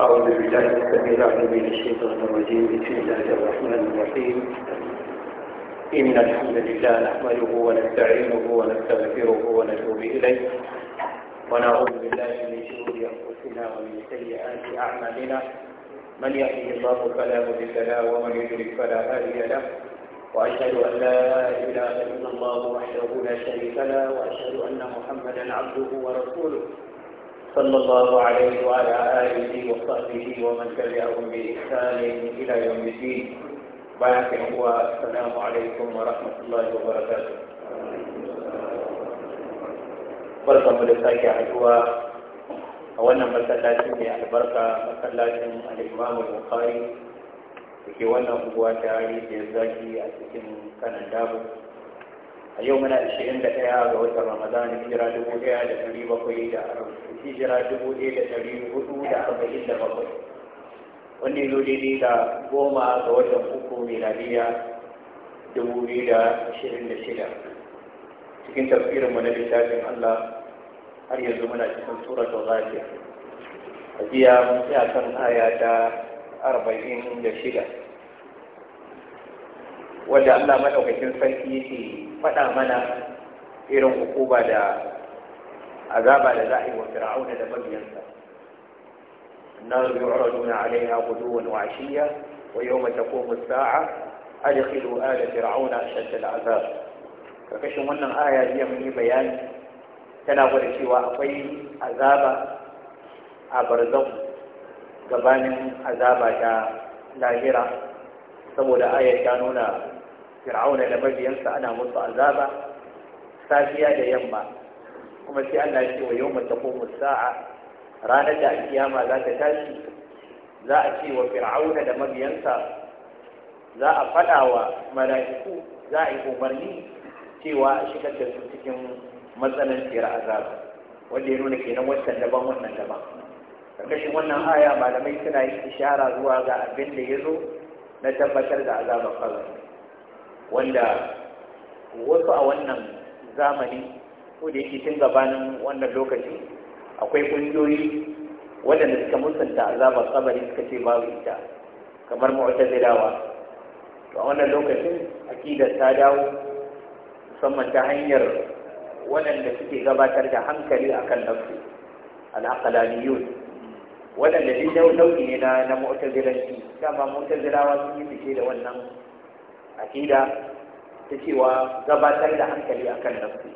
أعوذ بالله السميع العليم من الشيطان الرجيم بسم الله الرحمن الرحيم إن الحمد لله نحمده ونستعينه ونستغفره ونتوب إليه ونعوذ بالله من شرور أنفسنا ومن سيئات أعمالنا من يهده الله فلا مضل له ومن يضلل فلا هادي له وأشهد أن لا إله إلا الله وحده لا شريك له وأشهد أن محمدا عبده ورسوله صلى الله عليه وعلى آله وصحبه ومن تبعهم بإحسان إلى يوم الدين بارك هو السلام عليكم ورحمة الله وبركاته barkan mu da sake haduwa a wannan masallacin mai albarka masallacin al-Imam Bukhari da ke wannan unguwa ta rijiyar zaki a cikin kanan dabu a yau muna ishirin da ɗaya ga watan ramadan hijira dubu ɗaya da ɗari bakwai da arba'in hijira dubu ɗaya da ɗari hudu da arba'in da bakwai wanda ya daidai da goma ga watan uku miladiya dubu biyu da ashirin da shida cikin tafsirinmu na littafin allah har yanzu muna cikin suratul ghafir a jiya mun tsaya kan aya ta arba'in da shida wanda Allah madaukakin sarki yake faɗa mana irin hukuma da azaba da za wa fir'auna da mabiyansa wa يعرضون wa غدوا وعشيا ويوم saa الساعة ala fir'auna فرعون أشد العذاب فكشن wannan aya jiya mun yi bayani tana gwada cewa akwai azaba a barzakh gabanin azaba ta lahira saboda ayar ta nuna fir'auna da mabiyansa ana musu azaba safiya da yamma kuma sai Allah ya ce wa yawma taqumu sa'a ranar da kiyama za ta tashi za a ce wa fir'auna da mabiyansa za a fada wa mala'iku za a yi umarni cewa a shigar da su cikin matsananciyar azaba wanda ya nuna kenan wancan daban wannan daban karkashin wannan aya malamai suna yin ishara zuwa ga abin da ya zo na tabbatar da azabar kabari wanda wasu a wannan zamani ko da yake tun gabanin wannan lokaci akwai ƙungiyoyi waɗanda suka musanta azabar kabari suka ce babu ita kamar mu'tazilawa to a wannan lokacin akida ta dawo musamman ta hanyar waɗanda suke gabatar da hankali akan nafsu al'aqalaniyun waɗanda shi nau'i ne na na mu'tazilanci dama mu'tazilawa sun yi fice da wannan akida ta cewa gabatar da hankali akan nafsi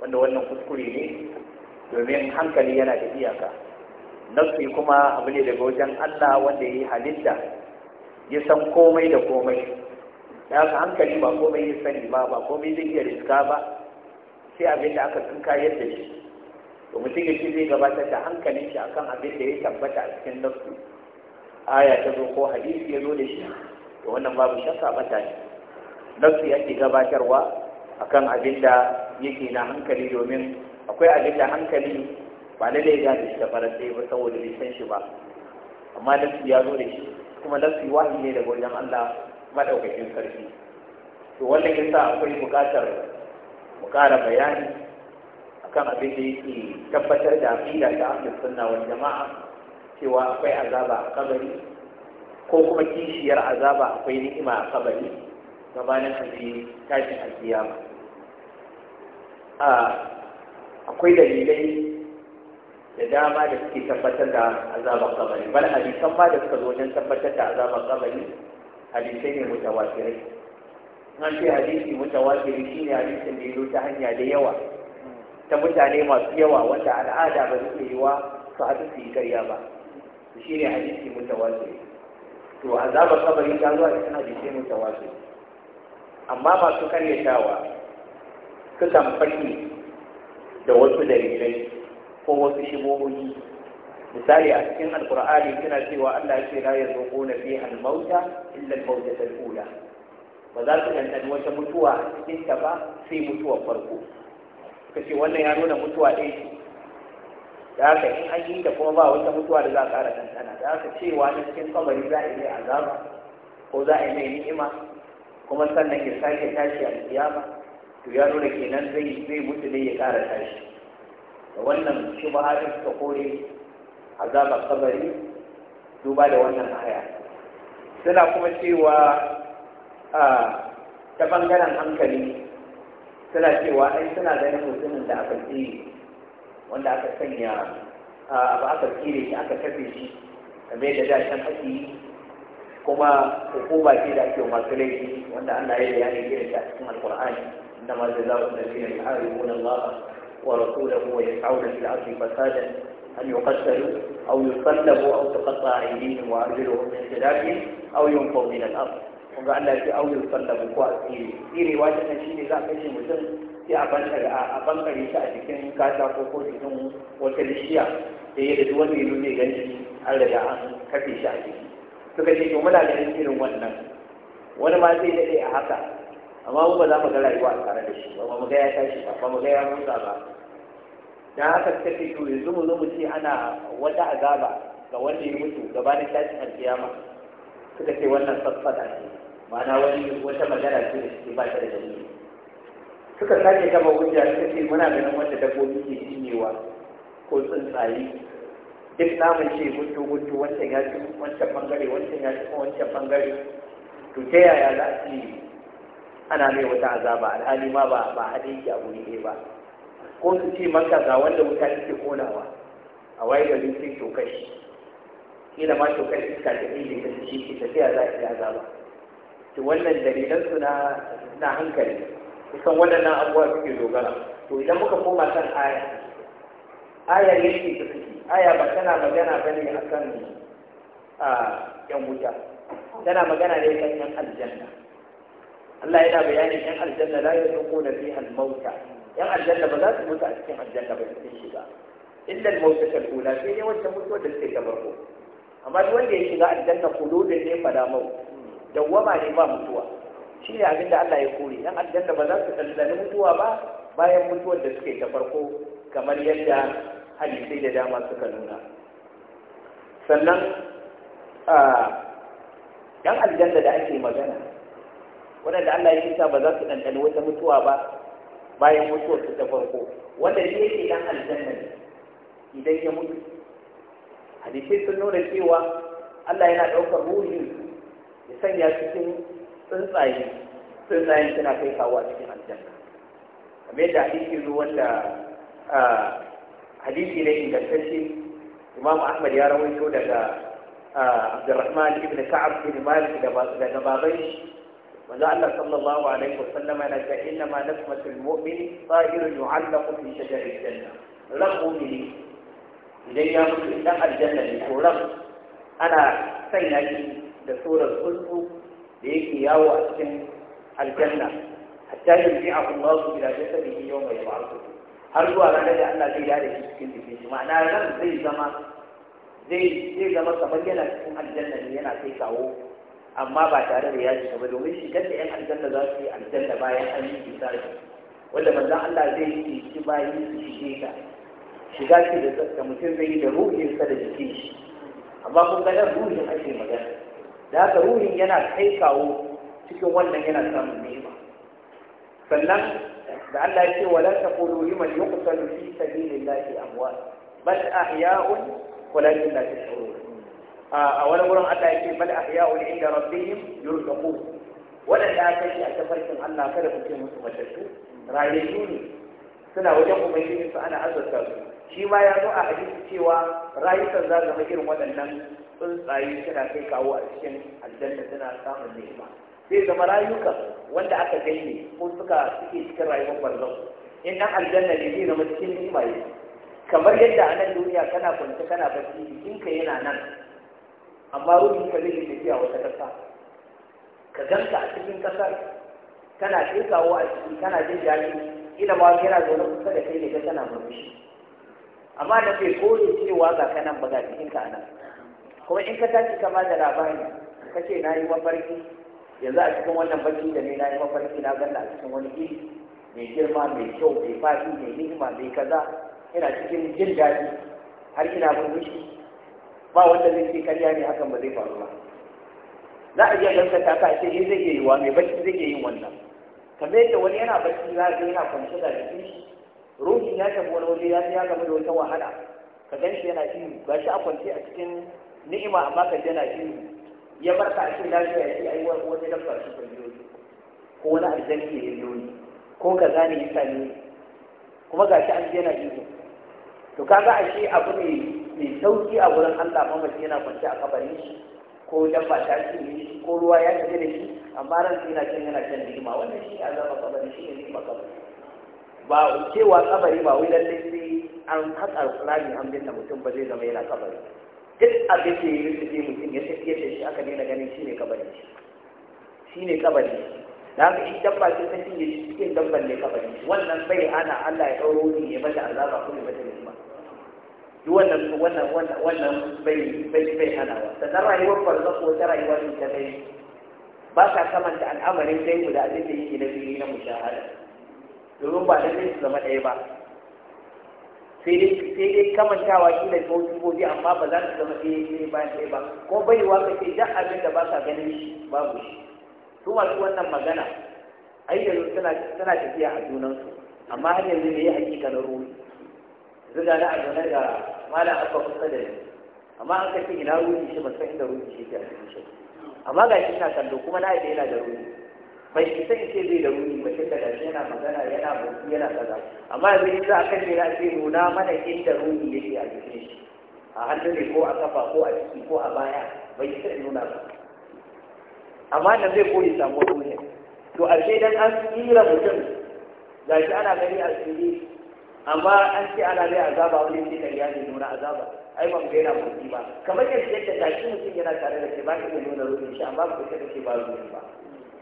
wanda wannan kuskure ne domin hankali yana da iyaka nafsi kuma abu ne daga wajen Allah wanda ya yi halitta ya san komai da komai da haka hankali ba komai ya sani ba ba komai zai iya riska ba sai abin da aka tsinka yadda shi to mutum ya ce zai gabatar da hankalin shi akan abin da ya tabbata a cikin nafsu aya ta zo ko hadisi ya zo da shi to wannan babu shakka bata ne nafsu yake gabatarwa akan abin da yake na hankali domin akwai abin da hankali ba na laiga da shi da faransai ba saboda bai san shi ba amma nafsu ya zo da shi kuma nafsu wahi ne daga wajen Allah madaukakin sarki to wannan yasa akwai buƙatar mu ƙara bayani kan abin da yake tabbatar da aƙida ta ahlus sunna wa jama'a cewa akwai azaba a kabari ko kuma kishiyar azaba akwai ni'ima a kabari gabanin aji tashin alkiyama akwai dalilai da dama da suke tabbatar da azaban kabari bal hadisan ma da suka zo wajen tabbatar da azaban kabari hadisai ne mutawatirai an ce hadisi mutawatiri shine hadisin da ya zo ta hanya da yawa ta mutane masu yawa wanda al'ada ba su yi wa su haɗu su yi karya ba Su shi ne hadisi yi. to azabar kabari ta zuwa cikin hadisi mutawatir amma masu karyatawa sukan fake da wasu dalilai ko wasu shigohoyi misali a cikin alkur'ani suna cewa Allah ce la yazuquna fi al-mauta illa kula ba za su dandan wata mutuwa a cikin ta ba sai mutuwar farko Ka ce wannan ya nuna mutuwa ɗaya ce da aka in an yi da kuma ba wata mutuwa da za a ƙara tantana da ce wa na cikin kwamari za a yi azaba ko za a yi mai ni'ima kuma sannan ya sake tashi a kiyama to ya nuna kenan zai zai mutu ne ya ƙara tashi da wannan ba haɗin suka kore azabar kwamari, duba da wannan haya suna kuma cewa ah, ta bangaren hankali suna cewa ai suna ganin mutumin da aka tsire wanda aka sanya abu aka tsire shi aka kafe shi kamar da dashen ake yi kuma hukuma ce da ake masu laifi wanda Allah ya bayani irin ta cikin inda ma zai zai da alkur'ani إنما جزاء الذين يحاربون الله ورسوله ويسعون في الأرض فسادا أن يقتلوا أو يصلبوا أو تقطع أيديهم وأرجلهم من خلافهم أو ينفوا من الأرض kun Allah ya ce aulin ko a tsire tsirewa ta nan shine za a ce mutum sai a bankare a bankare shi a jikin kasa ko jikin wata lishiya da yadda duk wanda ya zai gani an riga an kafe shi a jiki suka ce to muna ganin irin wannan wani ma zai daɗe a haka amma mu ba za mu ga rayuwa a tare da shi ba mu ga ya tashi ba ba mu ga ya mutsa ba dan haka suka ce to yanzu mu zo mu ce ana wata azaba ga wanda ya mutu gabanin tashin alkiyama suka ce wannan sassada ne ma'ana wani wata magana ce da suke ba ta da dalili suka sake gama hujja suka ce muna ganin wanda dabbobi ke cinyewa ko tsuntsaye duk namun ce gudu gudu wancan ya ci wancan bangare wancan ya ci wancan bangare to ta yaya za a yi ana mai wata azaba alhali ma ba ba hade yake a guri ɗaya ba ko su ce maka ga wanda wuta take konawa a waye gari sai tokashi kila ma tokashi iska ta ɗaya da ta shi, ta ta yaya za a yi azaba to wannan dalilan na na hankali kusan waɗannan abubuwa suke dogara to idan muka koma kan aya aya ce ta suke aya ba tana magana ba ne a kan yan wuta tana magana ne kan yan aljanna Allah yana bayanin yan aljanna la yadkhuluna na al-mauta yan aljanna ba za su mutu a cikin aljanna ba su shiga illa al-mauta al sai ne wacce mutuwa da suke ta farko amma wanda ya shiga aljanna khuludun ne fada mau dawwama ne ba mutuwa shi ne abin da Allah ya kore yan aljanna ba za su ɗanɗani mutuwa ba bayan mutuwar da suke ta farko kamar yadda hadisai da dama suka nuna sannan yan aljanna da ake magana waɗanda Allah ya kisa ba za su ɗanɗani wata mutuwa ba bayan mutuwar su ta farko wanda shi yake dan aljanna ne idan ya mutu hadisai sun nuna cewa Allah yana ɗaukar ruhin ya sanya cikin tsuntsaye tsuntsayen suna kai kawo a cikin aljanna kamar yadda hadisi zo wanda hadisi ne ingantacce imamu ahmad ya rawaito daga abdurrahman ibn ka'ab ibn malik daga baban shi manzo Allah sallallahu alaihi wasallama yana cewa inna ma nasmatul mu'min sa'irun yu'allaqu fi shajaril aljanna rabbu ne idan ya mutu idan aljanna ne to rab ana sanya shi da surar sulhu da yake yawo a cikin aljanna hatta yanzu a kuma su ila yau yawma su. har zuwa ranar da Allah zai yada shi cikin jikin shi ma'ana ran zai zama zai zai zama kamar yana cikin aljanna ne yana kai kawo amma ba tare da yaji ba domin shi da yan aljanna za su yi aljanna bayan an yi bisari wanda manzon Allah zai yi shi bayan su shige ka shiga shi da mutum zai yi da ruhinsa da jikin shi amma kun ga ruhin ake magana da haka ruhin yana kai kawo cikin wannan yana samun nema. sannan da Allah ya ce wala taqulu liman yuqtalu fi sabilillahi amwat bal ahya'un walakin la tash'urun a wani wurin Allah ya ce bal ahya'un inda rabbihim yurzaqun wadanda aka yi a tafarkin Allah kada ku ce musu matattu rayayyu ne suna wajen ubangiji su ana azurta su shi ma ya zo a hadisi cewa rayukan za zama irin waɗannan tsuntsaye suna kai kawo a cikin aljanna suna samun ni'ima Sai zama rayuka wanda aka ganye ko suka suke cikin rayuwar barzan in nan aljanna ne zai zama cikin ni'ima ne kamar yadda a nan duniya kana kwance kana bacci jikinka yana nan amma ruhinka zai yi tafiya wata ƙasa ka ganka a cikin ƙasar kana kai kawo a ciki kana jin daɗi ina ma yana zaune kusa da kai ne ga tana murmushi amma da bai kore cewa ga kanan ba ga cikin ka nan kuma in ka tashi kama da labari ka ce na yi mafarki yanzu a cikin wannan bacci da ne na yi mafarki na ganda a cikin wani iri mai girma mai kyau mai fashi, mai ni'ima mai kaza ina cikin jin daɗi har ina murmushi ba wanda zai ce karya ne hakan ba zai faru ba za a iya gaskata ka ce in eh, zai iya wa mai bacci zai iya yin wannan kamar yadda wani yana bacci za ga yana kwance da jikin shi ruhin ya tafi wani waje ya ya game da wata wahala ka gan shi yana ba shi a kwance a cikin ni'ima amma ka jana shi ya bar ka shi lafiya ya ce ai wani dabba shi ko biyo ko wani aljanni ya biyo ni ko ka gane yasa ne kuma ga shi an jana ihu to kaga ashe abu ne mai sauki a wurin Allah mace yana kwance a kabarin shi ko dabba ta shi ne ko ruwa ya tafi da shi amma ran sai yana can yana can ni'ima wannan shi azaba kabari shi ne ni'ima kabari ba cewa kabari ba wai lallai sai an haƙa alƙurani an binne mutum ba zai zama yana kabari duk abin da ya rufe mutum ya tafiye da shi aka nuna ganin shi ne kabari shi ne kabari da haka shi dabba ce ta cinye shi cikin dabban ne kabari wannan bai hana Allah ya ɗauro ni ya mata azaba ko ya mata nisma duk wannan wannan wannan wannan bai bai bai hana ba sannan rayuwar ko ta rayuwar ta bai ba sa kamanta al'amarin dai guda abin da yake na biyu na mushahada domin ba da zai zama ɗaya ba sai dai sai dai kamantawa shi da wasu gobe amma ba za su zama ɗaya ɗaya bayan ɗaya ba ko bai wa ka ce duk abin da ba sa ganin shi babu shi su masu wannan magana ai yanzu suna tafiya a junansu amma har yanzu ne ya hakika na ruhi zuga na a zaune da malam abba kusa da ni amma an ka ce ina ruhi shi ba san inda ruhi shi ke a cikin shi amma ga shi na kallo kuma na da yana da ruhi bai isa in ce zai da wuri ba shi da gashi yana magana yana bauti, yana kaza amma yanzu in za a kashe na ce nuna mana inda ruhi yake a jikin shi a hannu ne ko a kafa ko a ciki ko a baya bai isa in nuna ba amma nan zai koyi samu ruhin to a ce dan an tsira mutum shi ana gani a tsiri amma an ce ana zai azaba wani ce da ya ne nuna azaba ai ban gaira motsi ba kamar yadda yadda gashi mutum yana tare da ke ba ka iya nuna ruhin shi amma ba ka ce ba ruhin ba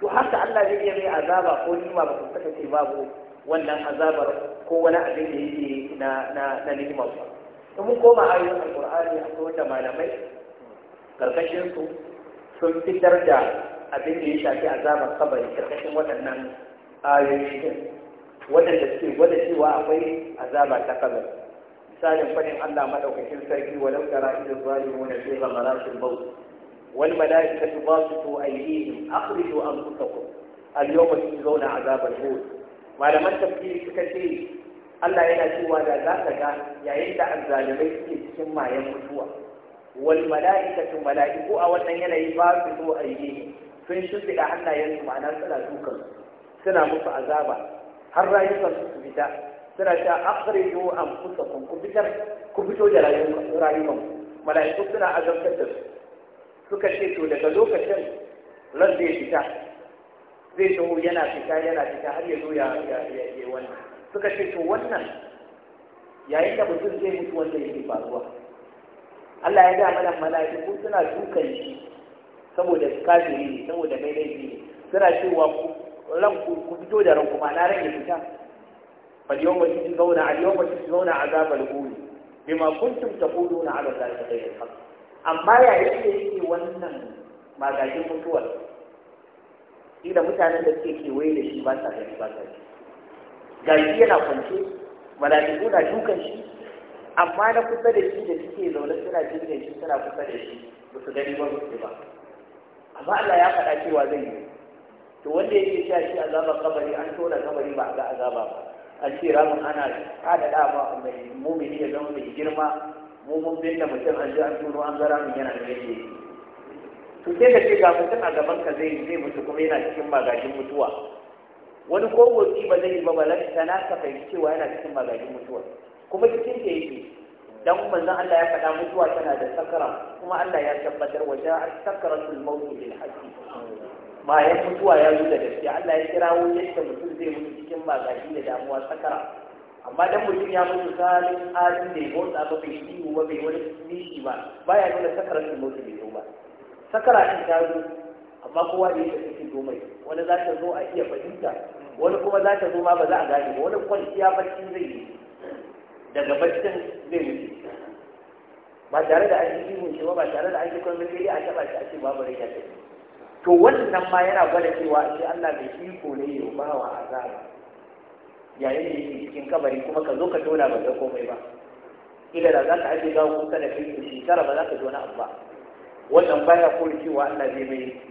to haka Allah zai iya mai azaba ko nima ba ku kasance babu wannan azabar ko wani abin da yake na na na nima ba to mun koma ayoyin alqur'ani a kowace malamai karkashin su sun fitar da abin da ya shafi azabar kabari karkashin waɗannan ayoyi waɗanda suke gwada cewa akwai azaba ta kabari misalin fadin Allah madaukakin sarki walau tara idan zalimun fi ghamaratil maut والملائكة باسطوا أيديهم أخرجوا أنفسكم اليوم تجزون عذاب الهون malaman tafsiri suka ce Allah yana cewa da za ka ga yayin da azzalimai suke cikin mayan mutuwa wal mala'ikatu mala'iku a wannan yanayin ba su zo aiki sun shimfiɗa hannayen ma'ana suna dukan suna musu azaba har rayukan su su fita suna ku fito da mala'iku suna azabtar suka ce to daga lokacin ran zai fita zai taho yana fita yana fita har ya zo ya yi wannan suka ce to wannan yayin da mutum zai mutu wanda yake faruwa Allah ya ga mana mala'iku suna dukan shi saboda kafiri ne saboda mai laifi ne suna cewa ran ku fito da ran kuma na ran ya fita fal yawma tujzauna al yawma zauna azabal huri bima kuntum taquluna ala zalika ghayra al haqq amma ya da yake wannan magajin mutuwar inda mutanen da suke kewaye da shi ba sa gani ba sa ji Gaji yana kwance mala'iku na dukan shi amma na kusa da shi da suke zaune suna jirgin shi suna kusa da shi ba su gani ba su ba amma Allah ya faɗa cewa zai yi to wanda yake sha shi azaba kabari an tona kabari ba a ga azaba ba an ce ramin ana haɗa ba mai mumini ya zama mai girma mu mun binne mutum an ji an turo an zara mu yana da yake to sai da ce ga mutum a gaban ka zai zai mutu kuma yana cikin magajin mutuwa wani ko ba zai yi ba balan na ka fahimci cewa yana cikin magajin mutuwa kuma cikin ta yake dan manzon Allah ya faɗa mutuwa tana da sakara kuma Allah ya tabbatar wa ja'a sakaratul maut bil haqqi bayan mutuwa ya zo da gaskiya Allah ya kira wani yadda mutum zai mutu cikin magaji da damuwa sakara amma dan mutum ya mutu salin halin ne ko da ba bai ciwo ba bai wani nishi ba baya nuna sakarar da mutum bai zo ba sakara din ta zo amma kowa da yake cikin zo mai wani za ta zo a iya fahimta wani kuma za ta zo ma ba za a gane ba wani kwanciya bacci zai yi daga baccin zai yi. ba tare da an yi ihun shi ba ba tare da an yi kwan zai a taba shi a ce babu rai ya to wannan ma yana gwada cewa shi Allah bai iko ne ya ba wa azaba yayin da yake cikin kabari kuma ka zo ka tona ba zai komai ba kila da za ka aje gawo kusa da shi, shekara ba za ka zo na abu ba wannan baya kore cewa Allah zai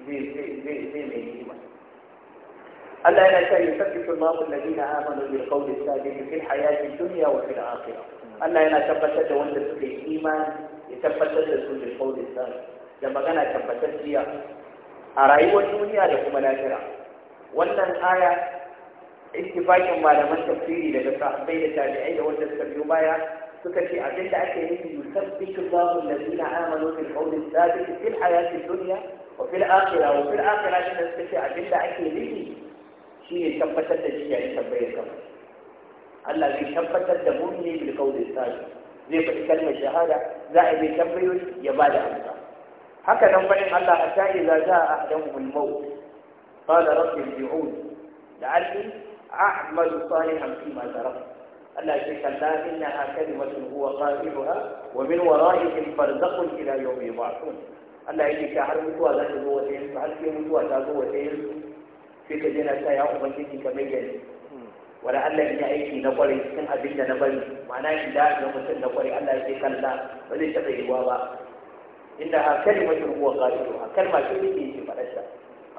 mai zai zai mai hikima Allah yana cewa yusabbitu Allahu alladhina amanu bil qawli sadiq fil hayati dunya wa fil akhirah Allah yana tabbatar da wanda suka yi imani ya tabbatar da su bil qawli sadiq da magana tabbatacciya a rayuwar duniya da kuma lafiya wannan aya اتفاقاً ما لم تفسيري لدى صاحبي التابعين والتسليم بايا تكشي عبدالك أكيد يثبت الله الذين آمنوا في الحول الثابت في الحياة الدنيا وفي الآخرة وفي الآخرة عشان تكشي عبدالك أكيد شيء يثبت التجيع يثبت يثبت الله يثبت الدموني بالقول الثابت زي بكلمة شهادة زائد يثبت يبالي أمسا هكذا نبني الله حتى إذا جاء أحدهم الموت قال رب الجعود لعلي أعمل صالحا فيما تركت ألا شك لا إنها كلمة هو قائلها ومن ورائهم برزق إلى يوم يبعثون ألا يجي كهر متوى ذات الوتين فهل في متوى ذات الوتين في كجنة سيا أمتين كمية ولا ألا إن أيكي نقري سن أبين نبري معناه لا نمسن نقري ألا يجي كلا وليس غير وابا إنها كلمة هو قائلها كلمة شو يجي في مرشا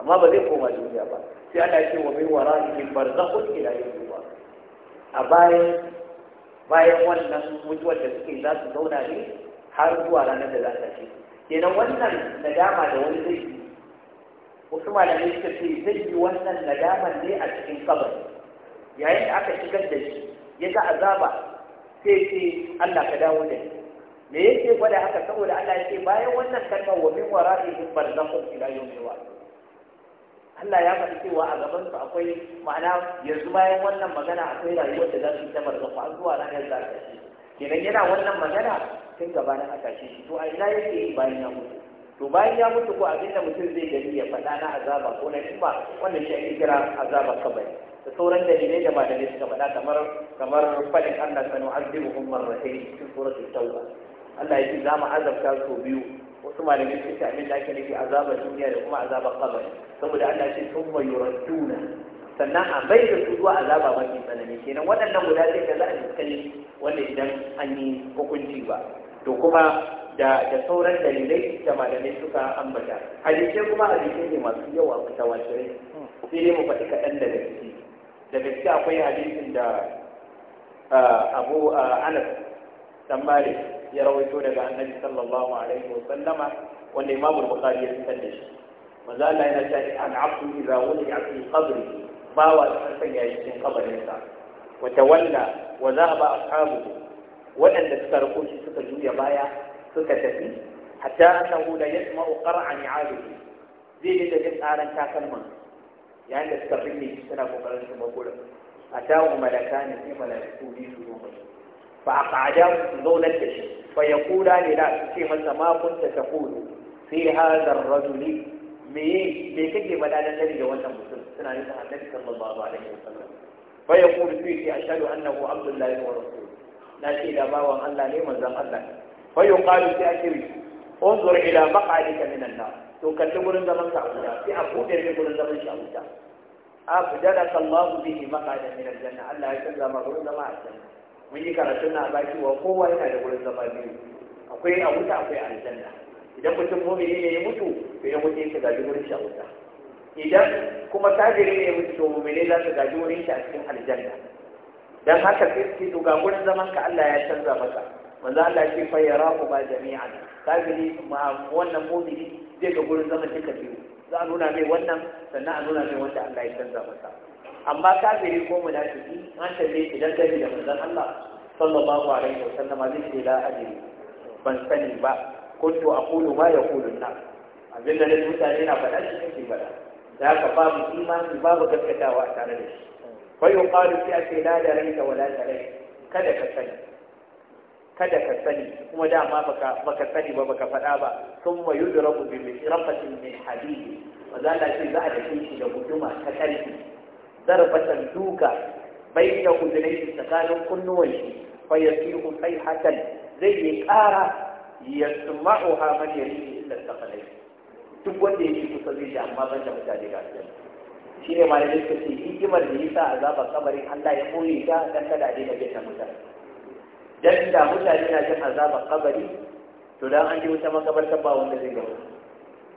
amma ba zai koma duniya ba sai ana ce wa min wara'ihim barzakhun ila ba. a bayan bayan wannan mutuwar da suke za su zauna ne har zuwa ranar da za ta ce kenan wannan nadama da wani zai yi wasu malamai suka ce zai yi wannan nadaman ne a cikin kabar yayin da aka shigar da shi ya ga azaba sai ce Allah ka dawo da shi me yake gwada haka saboda Allah ya ce bayan wannan kalmar wa min wara'ihim barzakhun ila wa'id Allah ya faɗi cewa a gaban su akwai ma'ana yanzu bayan wannan magana akwai rayuwar da za su yi ta barzaku zuwa ranar da aka kenan yana wannan magana tun na aka shi to a ina yake yi bayan ya mutu to bayan ya mutu ko abinda mutum zai gani ya faɗa na azaba ko na ba wannan shi ake kira azaba kabari da sauran dalilai da ba da suka faɗa kamar kamar faɗin Allah sanu azibuhum marratayn cikin suratul tauba Allah ya ce za mu azabta su biyu wasu malamai sun ce abin da ake nufi azabar duniya da kuma azabar kabari saboda Allah ce sun mai yuraduna sannan a bai da su zuwa azaba mafi tsanani kenan waɗannan guda ɗaya da za a fuskani wanda idan an yi hukunci ba to kuma da da sauran dalilai da malamai suka ambata hadisai kuma hadisai ne masu yawa mutawatirai sai dai mu faɗi kaɗan daga ciki da ciki akwai hadisin da ah, abu ah, anas dan malik ya rawaito daga annabi sallallahu alaihi wa sallama wanda imamu al-bukhari ya fitar da shi manzo Allah yana cewa an abdu idza wudi'a fi qabri bawa da san ya yi cikin kabarinsa wa tawalla wa zahaba ashabu waɗanda suka rako shi suka juya baya suka tafi hatta annahu la yasma'u qar'a ni'alihi zai da jin tsaran takalman yayin da suka binne suna kokarin su magurin a tawo malaka ne sai malaku biyu su zo musu fa aqada su zauna da shi fa yaqula ne da ce masa ma kunta taqulu fi hadha ar-rajuli me me kake faɗa da tare da wannan mutum suna nufin annabi sallallahu alaihi wasallam fa yaqulu fi ashhadu annahu abdullahi wa rasuluhu na ce da bawan Allah ne manzon Allah fa yuqalu fi akhiri انظر الى مقعدك من النار to kalli gurin zaman ka abuja sai a buɗe mai gurin zaman shi abuja a fujada sallahu bihi maqadan min aljanna Allah ya canza ma gurin zama a aljanna mun yi karatun na baki wa kowa yana da wurin zama biyu akwai a wuta akwai aljanna idan mutum mumini ne ya mutu to ya mutu yake gaji wurin shi wuta idan kuma kafiri ne ya mutu to mumini za su gaji wurin shi a cikin aljanna dan haka sai su duga wurin zaman ka Allah ya canza maka manzo Allah ce fa yarahu ba jami'an kafiri ma wannan mumini zai ga gurin zaman duka biyu za a nuna mai wannan sannan a nuna mai wanda Allah ya canza maka amma kafiri ko munafiki an tabe shi dan gari da manzon Allah sallallahu alaihi wa sallam zai ce la adri ban sani ba kuntu aqulu ma yaqulu an abin da ne mutane na faɗa shi kake faɗa da haka babu imani babu gaskatawa a tare da shi fa yuqalu fi ake la da raita wa la kada ka sani kada ka sani kuma dama baka baka sani ba baka faɗa ba thumma yudrabu bi rafatin min hadidi wa zalla za a dace shi da guduma ta ƙarfi darbatan duka bai baina udunayhi tsakanin kunnuwan shi fa kai sayhatan zai yi ƙara yasma'uha man yarihi illa taqalay duk wanda yake kusa zai ji amma ban da mutane ga ne ma malamin suka ce hikimar da yasa azaba kabarin Allah ya koyi ta dan kada dai daina bin mutane dan da mutane na jin azaba kabari to dan an ji wata makabarta ba wanda zai ga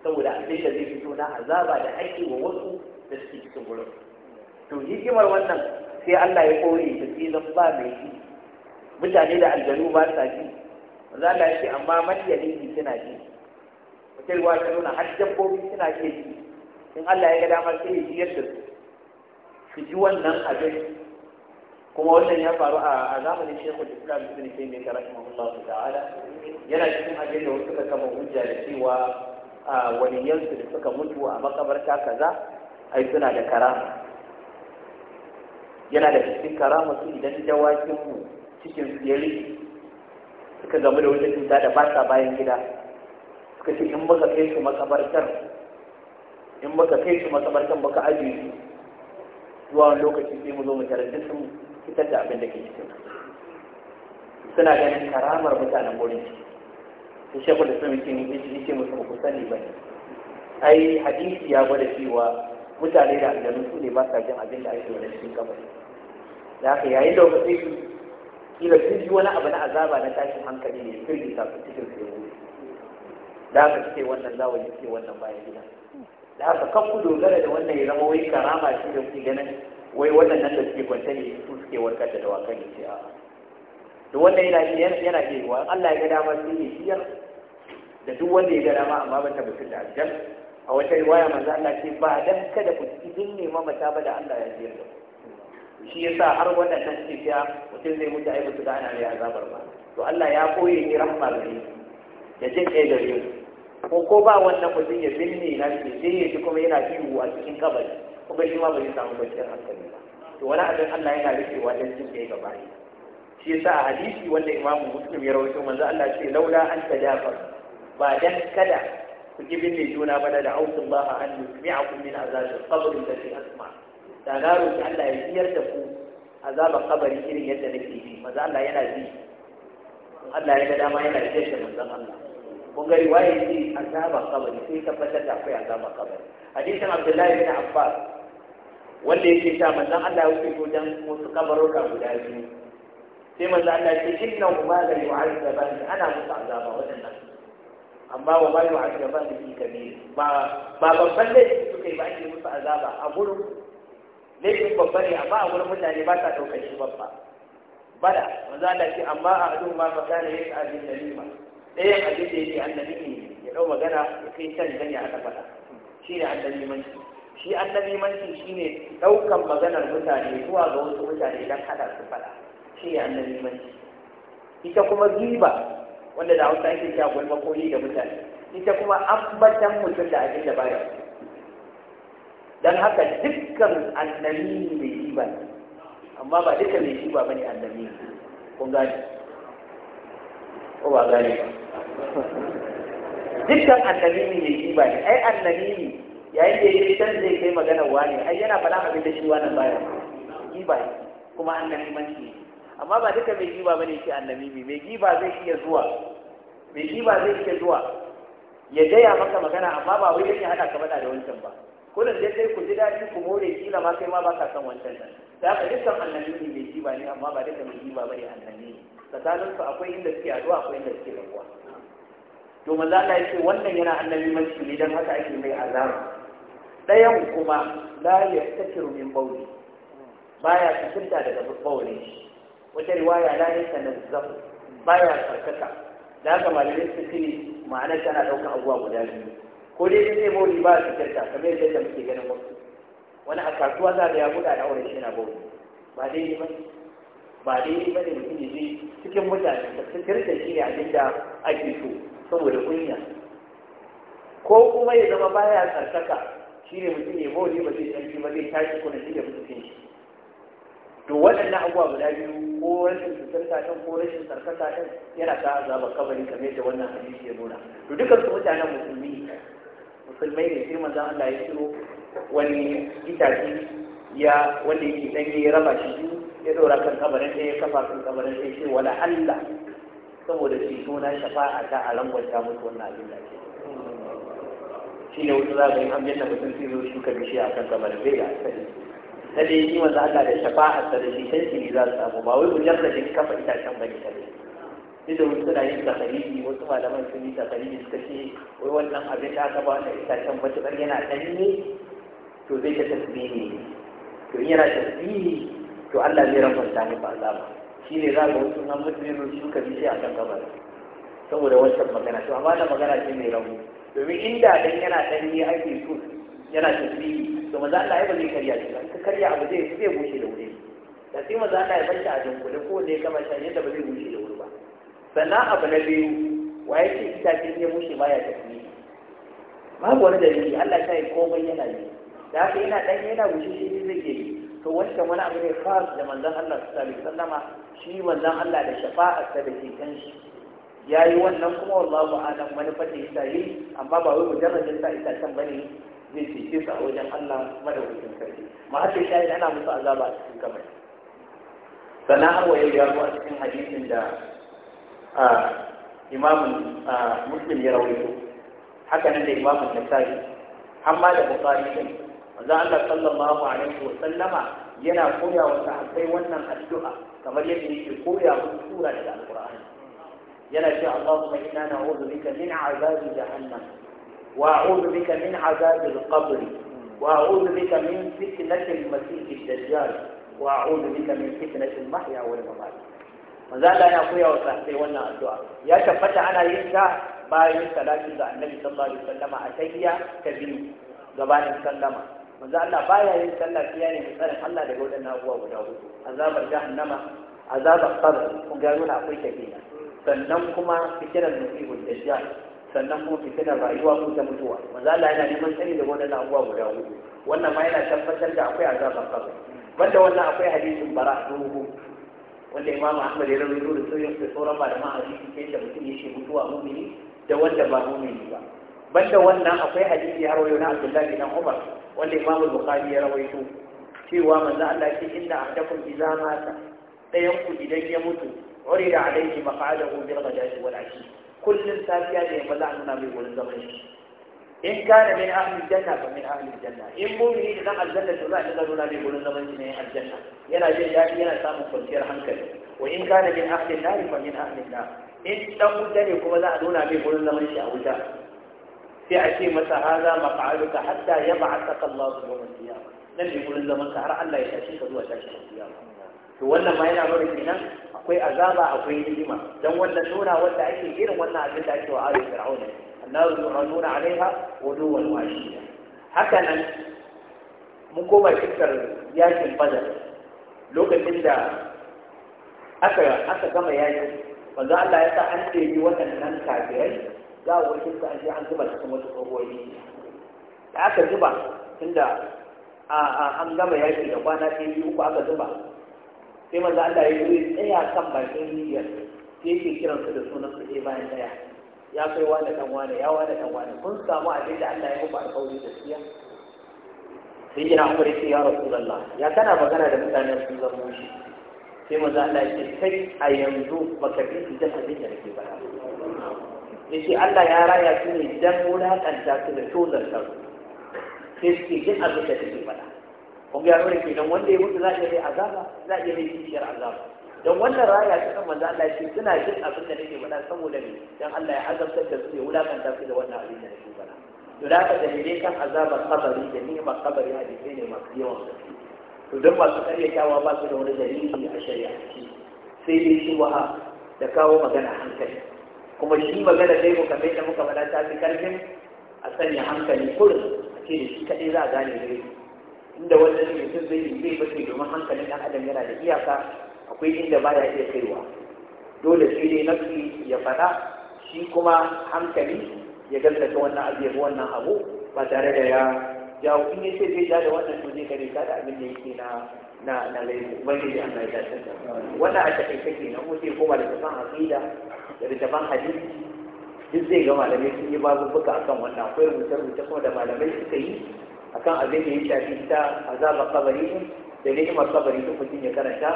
saboda abin da zai fito na azaba da ake wa wasu da suke cikin gurin to hikimar wannan sai Allah ya kore ta sai zan ba mai shi mutane da aljanu ba sa ji za Allah yake amma amma maryali suna ji wata ruwa ta nuna har dabbobi suna ke ji in Allah ya ga dama sai ya ji yadda su ji wannan abin kuma wannan ya faru a zamanin shekhu da islam ibn taymiyyah ta ta'ala yana cikin abin da wasu kama hujja da cewa waliyansu da suka mutu a makabarta kaza ai suna da karama yana da cikin karama su idan dawakin mu cikin tsere suka gamu da wata cuta da ba sa bayan gida suka ce in muka kai su makabartar in muka kai su makabartar muka ajiye su zuwa wani lokaci sai mu zo mu tarar sun fitar da abin da ke cikin suna ganin karamar mutanen wurin su shekul da sun yi ce musu ku sani ba ai hadisi ya gwada cewa mutane da aljanu su ne ba sa jin abin da ake wani cikin kabari da aka yayin da wasu sai kila sun ji wani abu na azaba na tashin hankali ne firgi ta su cikin su da aka suke wannan zawon suke wannan bayan gida da aka kan ku dogara da wannan ya zama wai karama shi da kuke ganin wai wannan nan da suke kwanta ne su suke warkar da dawakan ya ce a da wannan yana yana ce wa Allah ya ga dama sai ya da duk wanda ya ga dama amma ba ta mutum da aljanna a wata riwaya manzo Allah ce ba dan kada ku idin ne mata ba da Allah ya ku. shi yasa har wannan nan ce fiya mutum zai mutu ai mutu da ana mai azabar ba to Allah ya koye ni rahma Ya da ɗaya kai yau. ko ko ba wannan mutum ya binne na ce sai ya ji kuma yana kiwo a cikin kabari kuma shi ma ba zai samu kwanciyar hankali ba to wani abin Allah yana wa dan jin kai gaba ne shi yasa a hadisi wanda Imam Muslim ya rawaito manzo Allah ce laula an tadafar ba dan kada ku ji binne juna ba da da'autun ba a hannu an yusmi'akum min azabin qabrin da fi asma da na roki Allah ya biyar da ku azaban kabari irin yadda nake ji maza Allah yana ji Allah ya ga dama yana da da manzon Allah kun ga riwaya ce azaban kabari sai tabbatar da akwai azaban kabari hadisin Abdullahi bin Abbas wanda yake cewa manzon Allah ya wuce wajen wasu kabaruka guda biyu sai manzon Allah ya ce innahu ma la yu'azzaban ana musu azaba wadannan amma wa ba yi wa ake ba ba babban laifi suka yi ba ake musu azaba a gurin laifin babba ne amma a gurin mutane ba ta daukar shi babba bada maza da ce amma a ba ma fa kana yin abin nalima ɗayan abin da yake annabi ne ya ɗau magana ya kai can zan ya haɗa fada shi ne annabi manci shi annabi manci ne ɗaukan maganar mutane zuwa ga wasu mutane don hada su faɗa shi ne annabi manci ita kuma giba wanda da hausa ake cewa gulma koli da mutane ita kuma ambatan mutum da abin da baya don haka dukkan annabi mai yi ba amma ba dukkan mai yi ba bane annabi kun gani ko ba gani dukkan annabi mai yi ba ne ai annabi yayin da yake can zai kai magana wani ai yana faɗa abin da shi wannan baya yi ba kuma annabi man ne amma ba duka mai giba bane yake annabi mai giba zai iya zuwa mai giba zai iya zuwa ya gaya maka magana amma ba wai yake hada ka bada da wancan ba kullum dai sai ku ji dadi ku more kila ma kai ma ba ka san wancan nan da ka dukkan ne mai giba ne amma ba duka mai giba bane annamimi su akwai inda suke addu'a akwai inda suke rabuwa to manzo Allah yake wannan yana annabi mai ne dan haka ake mai azaba dayan kuma la yaftakiru min bawli baya fitinta daga bawli wata riwaya nisa ya tanazzahu baya karkata da haka malamai su kiri ma'ana tana ɗaukar abuwa guda biyu ko dai sai mori ba su kirta kamar yadda muke ganin wasu wani a kasuwa za da ya buɗa da auren shi na bau ba dai mai ba dai ba mai mutum ne cikin mutane da sun kirta shi ne abin da ake so saboda kunya ko kuma ya zama baya tsarkaka shi ne mutum ne mori ba zai tsarki ba zai tashi kuna shi da mutum shi to waɗannan abubuwa guda biyu ko rashin cutarta ɗin ko rashin sarka ɗin yana ta azaba kabari kamar da wannan hadisi ya nuna to dukkan su mutanen musulmi musulmai ne sai manzon Allah ya kiro wani itace ya wanda yake dan ya raba shi biyu ya ɗora kan kabarin ɗaya ya kafa kan kabarin ɗaya sai wala Allah saboda shi suna shafa'a ta a lambarta musu wannan abin da ke shi ne wasu za an biyan na da mutum sai zo shuka bishiya a kan kabarin bai da asali na da yi manzo Allah da shafa'a da shi sai za su samu ba wai mujarradin kafa itacen bane kare duk da wasu suna yin takalili wasu malaman sun yi takalili suka ce wai wannan abin da aka ba wannan itacen matuƙar yana ɗanye to zai ta tasbihi to in yana tasbihi to Allah zai rafanta ne ba ba shi ne za ga wasu nan mutum suka bi sai a kan gabar saboda wancan magana to amma da magana ce mai rabu domin inda dan yana ɗanye ake so yana tasbihi da maza Allah ya ba zai karya shi ba karya abu zai zai bushe da wuri da sai maza Allah ya bashi a jinku da ko ya kama shi yadda ba zai bushe da wuri ba sannan abu na biyu waye ce ce ya bushe ba ya tasbihi babu wani dalili Allah ta yi komai yana yi da haka yana dan yana bushe shi zai ke yi to wancan wani abu ne fas da manzan Allah su sami sallama shi manzan Allah da shafa'arsa da ke kan shi ya yi wannan kuma wallahu alam manufar da ita yi amma ba wai mujarradin sa ita can bane zai cece su a wajen Allah madaukakin sarki ma haka shahid ana musu azaba a cikin kamar sannan har wayo ya zo a cikin hadisin da imamun muslim ya rawaito haka nan da imamun nasa'i amma da bukari din manzo Allah sallallahu alaihi wa sallama yana koya wa sahabbai wannan addu'a kamar yadda yake koya musu sura daga alqur'ani yana cewa Allahumma inna na'udhu bika min azabi jahannam وأعوذ بك من عذاب القبر وأعوذ بك من فتنة المسيح الدجال وأعوذ بك من فتنة المحيا والممات manzo Allah ya koya wa sahabbai wannan addu'a ya tabbata ana yin ta bayan salati ga Annabi sallallahu alaihi wasallam a tahiyya ta biyu gabanin sallama manzo Allah baya yin sallah ya ne tsarin Allah daga wadannan abubuwa guda hudu azabar jahannama azabar qabr akwai tafiya sannan kuma fitirar da dajjal sannan kuma tana rayuwa ko ta mutuwa manzo Allah yana neman sani da wannan abubuwa guda hudu wannan ma yana tabbatar da akwai azaban kabari banda wannan akwai hadisin bara ruhu wanda imamu Ahmad ya rawaito da sauran da sauran malaman hadisi kai da mutum yake mutuwa mumini da wanda ba mumini ba banda wannan akwai hadisi har wayo na Abdullahi bin Umar wanda imamu Bukhari ya rawaito cewa manzo Allah ya ce inna ahdakum idza mata dayan ku idan ya mutu urida alayhi maq'adahu bil ghadati wal ashi كل سافيا دي بلا عنا بي ولا ان كان من اهل الجنه فمن اهل الجنه ان مو لي دخل الجنه ولا الا دولا بي ولا زمن دي الجنه يلا جاي جاي يلا سامو كثير حنكل وان كان من اهل النار فمن اهل النار ان تقو دري كو بلا دولا بي ولا زمن شي ابو في اشي هذا مقعدك حتى يبعثك الله يوم القيامه نجي ولا زمن سهر الله يشاشيك دو شاشيك القيامه to wannan ma yana nuna kenan akwai azaba akwai hikima dan wannan nuna wanda ake irin wannan abin da ake wa ali fir'auna annahu yu'minuna alaiha wa duwan washiya haka nan mun koma cikar yakin badar lokacin da aka aka gama yakin manzo Allah ya sa an ɗebi waɗannan kafirai za a wakil ka an je an zuba cikin wasu tsohuwoyi da aka zuba tunda an gama yaki da kwana ɗaya uku aka zuba sai maza Allah ya yi tsaya kan bakin niyyar sai yake kiran su da sunan su ɗaya bayan ɗaya ya kai wani dan wani ya wani dan wani kun samu abin da Allah ya kuma alƙawari da siya sai yana umar sai ya Allah ya kana magana da mutane sun zama shi sai maza Allah ya ce kai a yanzu baka bi su da abin da nake Ya ce Allah ya raya su ne dan wulakanta su da tozarta su sai suke jin abin da take faɗa kun ga ke nan wanda ya mutu za a iya azaba za a iya mai kishiyar azaba don wannan raya ta kan manzo Allah ce suna jin abin da nake faɗa saboda me dan Allah ya azabta da su ya wulakanta su da wannan abin da nake faɗa to da haka dalilai kan azabar kabari da ni'imar kabari a jikin ne masu yawan gaske to don masu kyawa ba su da wani dalili a shari'a sai dai shi waha da kawo magana hankali kuma shi magana dai mu kamar da muka faɗa ta fi karfin a sanya hankali kurin a ce da shi kaɗai za a gane dai inda wanda ne mutum zai yi zai bace domin hankalin ɗan adam yana da iyaka akwai inda baya iya kaiwa dole shi ne nafsi ya faɗa shi kuma hankali ya gaskata wannan abu ya wannan abu ba tare da ya jawo in ya ce zai ja da wannan to zai kare ka da abin da yake na na na laifi ubangiji Allah ya dace wannan a take na ko sai koma da tafan aqida da tafan hadisi duk zai ga malamai sun yi babu buka akan wannan akwai rubuce-rubuce kuma da malamai suka yi akan abin da ya shafi ta azaba kabari da ni'imar kabari ta kudin ya karanta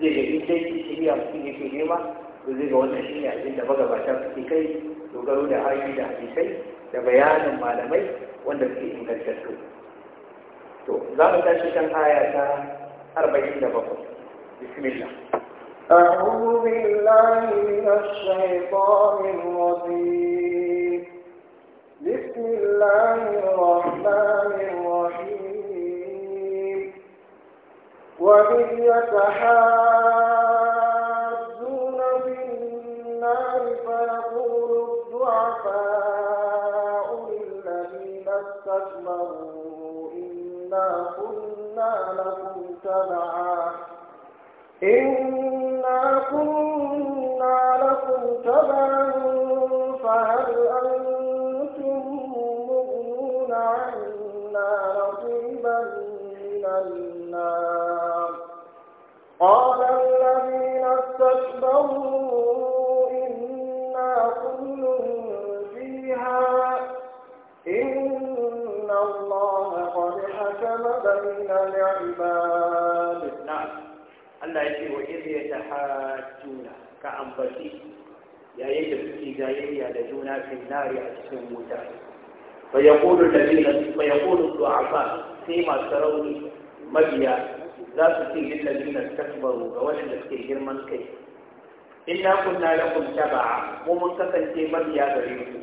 zai da ita yi shirya mutum yake nema to zai ga wannan shi ne abin da magabata suke kai dogaro da ayoyi da hadisai da bayanin malamai wanda suke ingantattu to za mu tashi kan aya ta arba'in da bakwai bismillah أعوذ بالله من الشيطان الرجيم بسم الله الرحمن الرحيم وإذ يتحاجون في النار فيقول الضعفاء للذين استكبروا إنا كنا لكم تبعا إنا كنا لكم تبعا فهل أنتم من النار قال الذين استكبروا إنا كل فيها إن الله قد حكم بين العباد نعم الله يجي وإذ يتحاجون كأنفسي يا يجب في جاية لجونا في النار يحسن متعب فيقول الذين فيقول الضعفاء فيما ترون mabiya za su ce lillazi na takbaru ga waɗanda suke girman kai inna kunna lakum taba'a mu mun kasance mabiya gare ku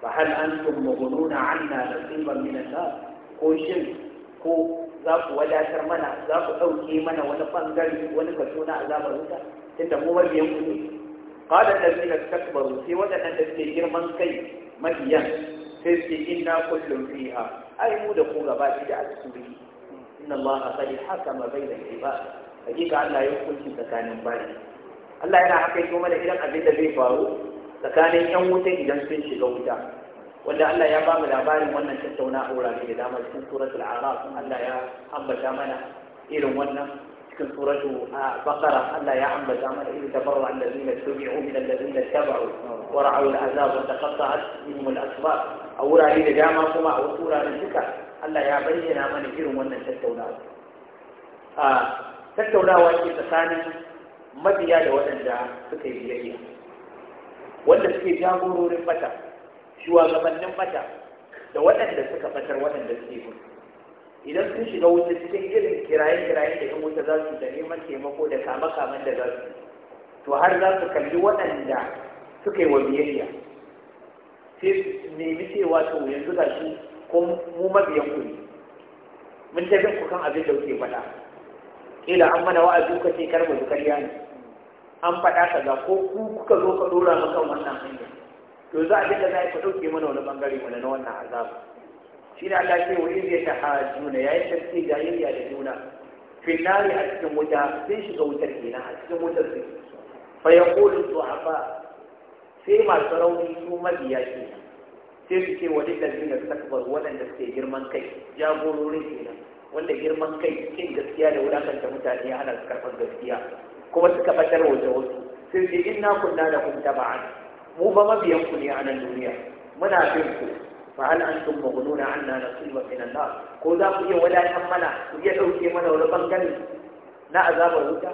fa hal antum mughnuna anna nasiban min an-nas ko shin ko za ku wadatar mana za ku ɗauke mana wani bangare, wani kaso na azabar wuta tunda mu mabiyan ku ne qala allazina takbaru sai waɗannan suke girman kai mabiyan sai su inna kullum fiha ai mu da ku gaba da a cikin inna Allah qad hakama bainal ibad hakika Allah ya hukunci tsakanin bayi Allah yana haka yi mana idan abin da zai faru tsakanin yan wuta idan sun shiga wuta wanda Allah ya ba mu labarin wannan tattauna aura da dama cikin suratul a'raf Allah ya hambata mana irin wannan cikin a bakara. Allah ya ambata mana idan tabarra allazina tubi'u min allazina tabu wa da al'azab wa taqatta'at bihum al'asbab a wurare da dama kuma a wasu wuraren duka Allah ya bayyana mana irin wannan tattaunawa a tattaunawa ke tsakanin mabiya da waɗanda suka yi biyayya wanda suke jagororin bata shuwagabannin mata da waɗanda suka fatar waɗanda suke mutu idan sun shiga wuta cikin irin kiraye-kiraye da yan wuta za su da neman taimako da kama-kaman da za su to har za su kalli waɗanda suka yi wa biyayya sai su nemi cewa to yanzu ga shi ko mu mabiyan ku ne mun ta ku kan abin da kuke faɗa kila an mana wa'azi kuka ce kar mu karya ne an faɗa ka ga ko ku kuka zo ka dora maka wannan hanyar to za a dinga za ku ɗauke mana wani bangare mana na wannan azabu shi ne Allah ce wa iz yatahajjuna yayin da suke jayayya da juna fil a cikin wuta sun shiga wutar kenan a cikin wutar su fa a du'afa sai masu rauni su mabiya ke sai su ce wa dukkan jina takbar waɗanda suke girman kai jagororin kenan wanda girman kai kin gaskiya da wulakanta mutane ana su karɓar gaskiya kuma suka fatar da wasu sai ce inna kunna da kun taba'an mu ba mabiyan ku ne a nan duniya muna bin ku فهل أنتم مغنون عنا نصيبا من النار كو ذا كي ولا يحمنا كي يحوكي من ولا بنقل نا عذاب الهدى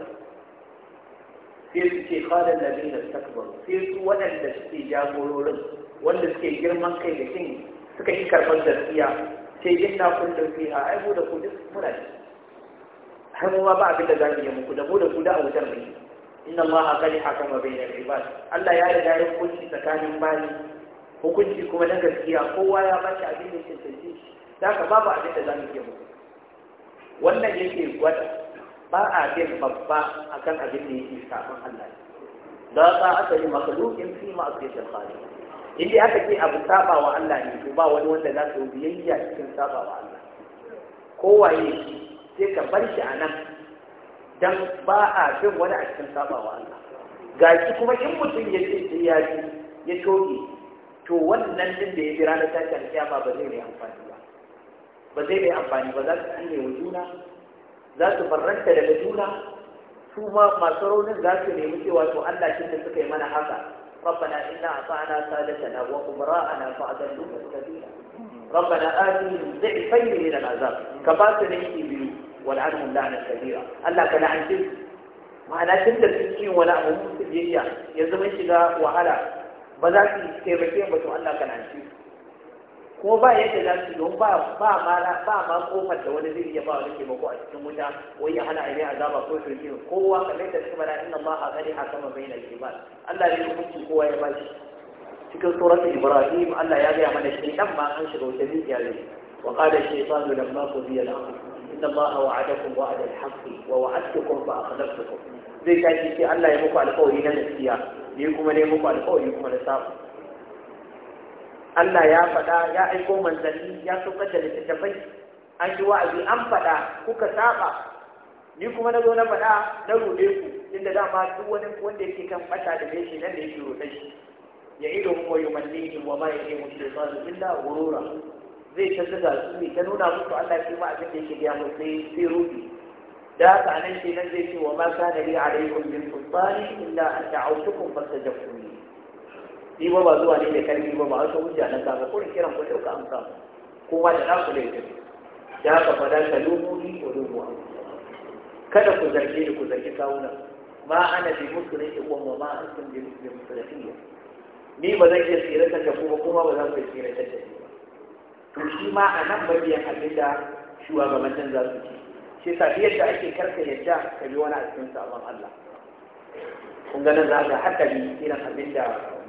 sai ce kada da takbar sai su waɗanda suke jagororin wanda suke girman kai da kin suka yi karɓar gaskiya sai yin na a aibu da ku duk muna ne har mu ba abin da za mu yi da mu da a wutar mai inna ma a kali haka ma bai Allah ya riga ya tsakanin bayi hukunci kuma na gaskiya kowa ya bashi abin da yake tsanci da ka babu abin da za mu ke muku wannan yake gwada ba a bin babba akan abin da yake sabon Allah da ka aka yi makhluqin fi ma'siyatil khaliq inda aka ce abu saba wa Allah ne to ba wani wanda za yi biyayya cikin saba wa Allah kowaye sai ka bar shi a nan dan ba a bin wani a cikin saba wa Allah gashi kuma in mutum ya ce ya ya toke to wannan din da ya jira na tashi alkiyama ba zai mai amfani ba ba zai mai amfani ba za su kine wa juna za su farranta daga juna su ma masu raunin za su nemi cewa to Allah shi da suka yi mana haka ربنا إنا أطعنا سادتنا وأمراءنا فأذلونا السبيل ربنا آتهم ضعفين من العذاب كباسل إبلي والعنهم لعنة كبيرة الله كان عن جزء ma'ana tun da suke wani abu mutum biyayya ya zama shiga wahala ba za su taimake mu to Allah kana shi ko ba yadda za su don ba ba ma ba ma kofar da wani zai iya ba wani taimako a cikin wuta ko ya hana ayi azaba ko shirki kowa kamar da suka bada inna Allah qad hakama bainal ibad Allah ya yi hukunci kowa ya bashi cikin suratul ibrahim Allah ya gaya mana shi dan ba an shiga wuta zai yare wa qala shaytanu lamma qudiya al-amr inna Allah wa'adakum wa'ada al-haqqi wa wa'adtukum fa akhlaftukum zai tashi sai Allah ya muku alƙawari na gaskiya ne kuma ne muku alƙawari kuma na samu Allah ya faɗa ya aiko manzanni ya saukar da littattafai an yi wa'azi an faɗa kuka saba ni kuma na zo na faɗa na rube ku inda za ma duk wani wanda yake kan ɓata da shi nan da yake rube shi ya ido yi wayo mallihim wa ma yake mu shaytanu illa ghurura zai ta zuga su ne ta nuna musu Allah shi ma abin da yake gaya mu sai sai ذاك عن الشيء نزل وما كان لي عليكم inda an إلا أن دعوتكم فاستجبتم لي ni ba ba zuwa ne da karfi ba ba a so wuce nan kaga ko kiran ku dauka amsa kowa da naku da yake da haka fa da kalumuni wa ruwa kada ku zarge ni ku zargi kawuna ma ana bi musulmi wa ma antum bi musulmi ni ba zan iya tsira ta tafi ba kuma ba zan iya tsira ta tafi ba to shi ma a nan mabiyan abinda shugabannin za su ci shi sa yadda ake karka yadda ka bi wani a sabon Allah kun ganin za ga hankali irin abin da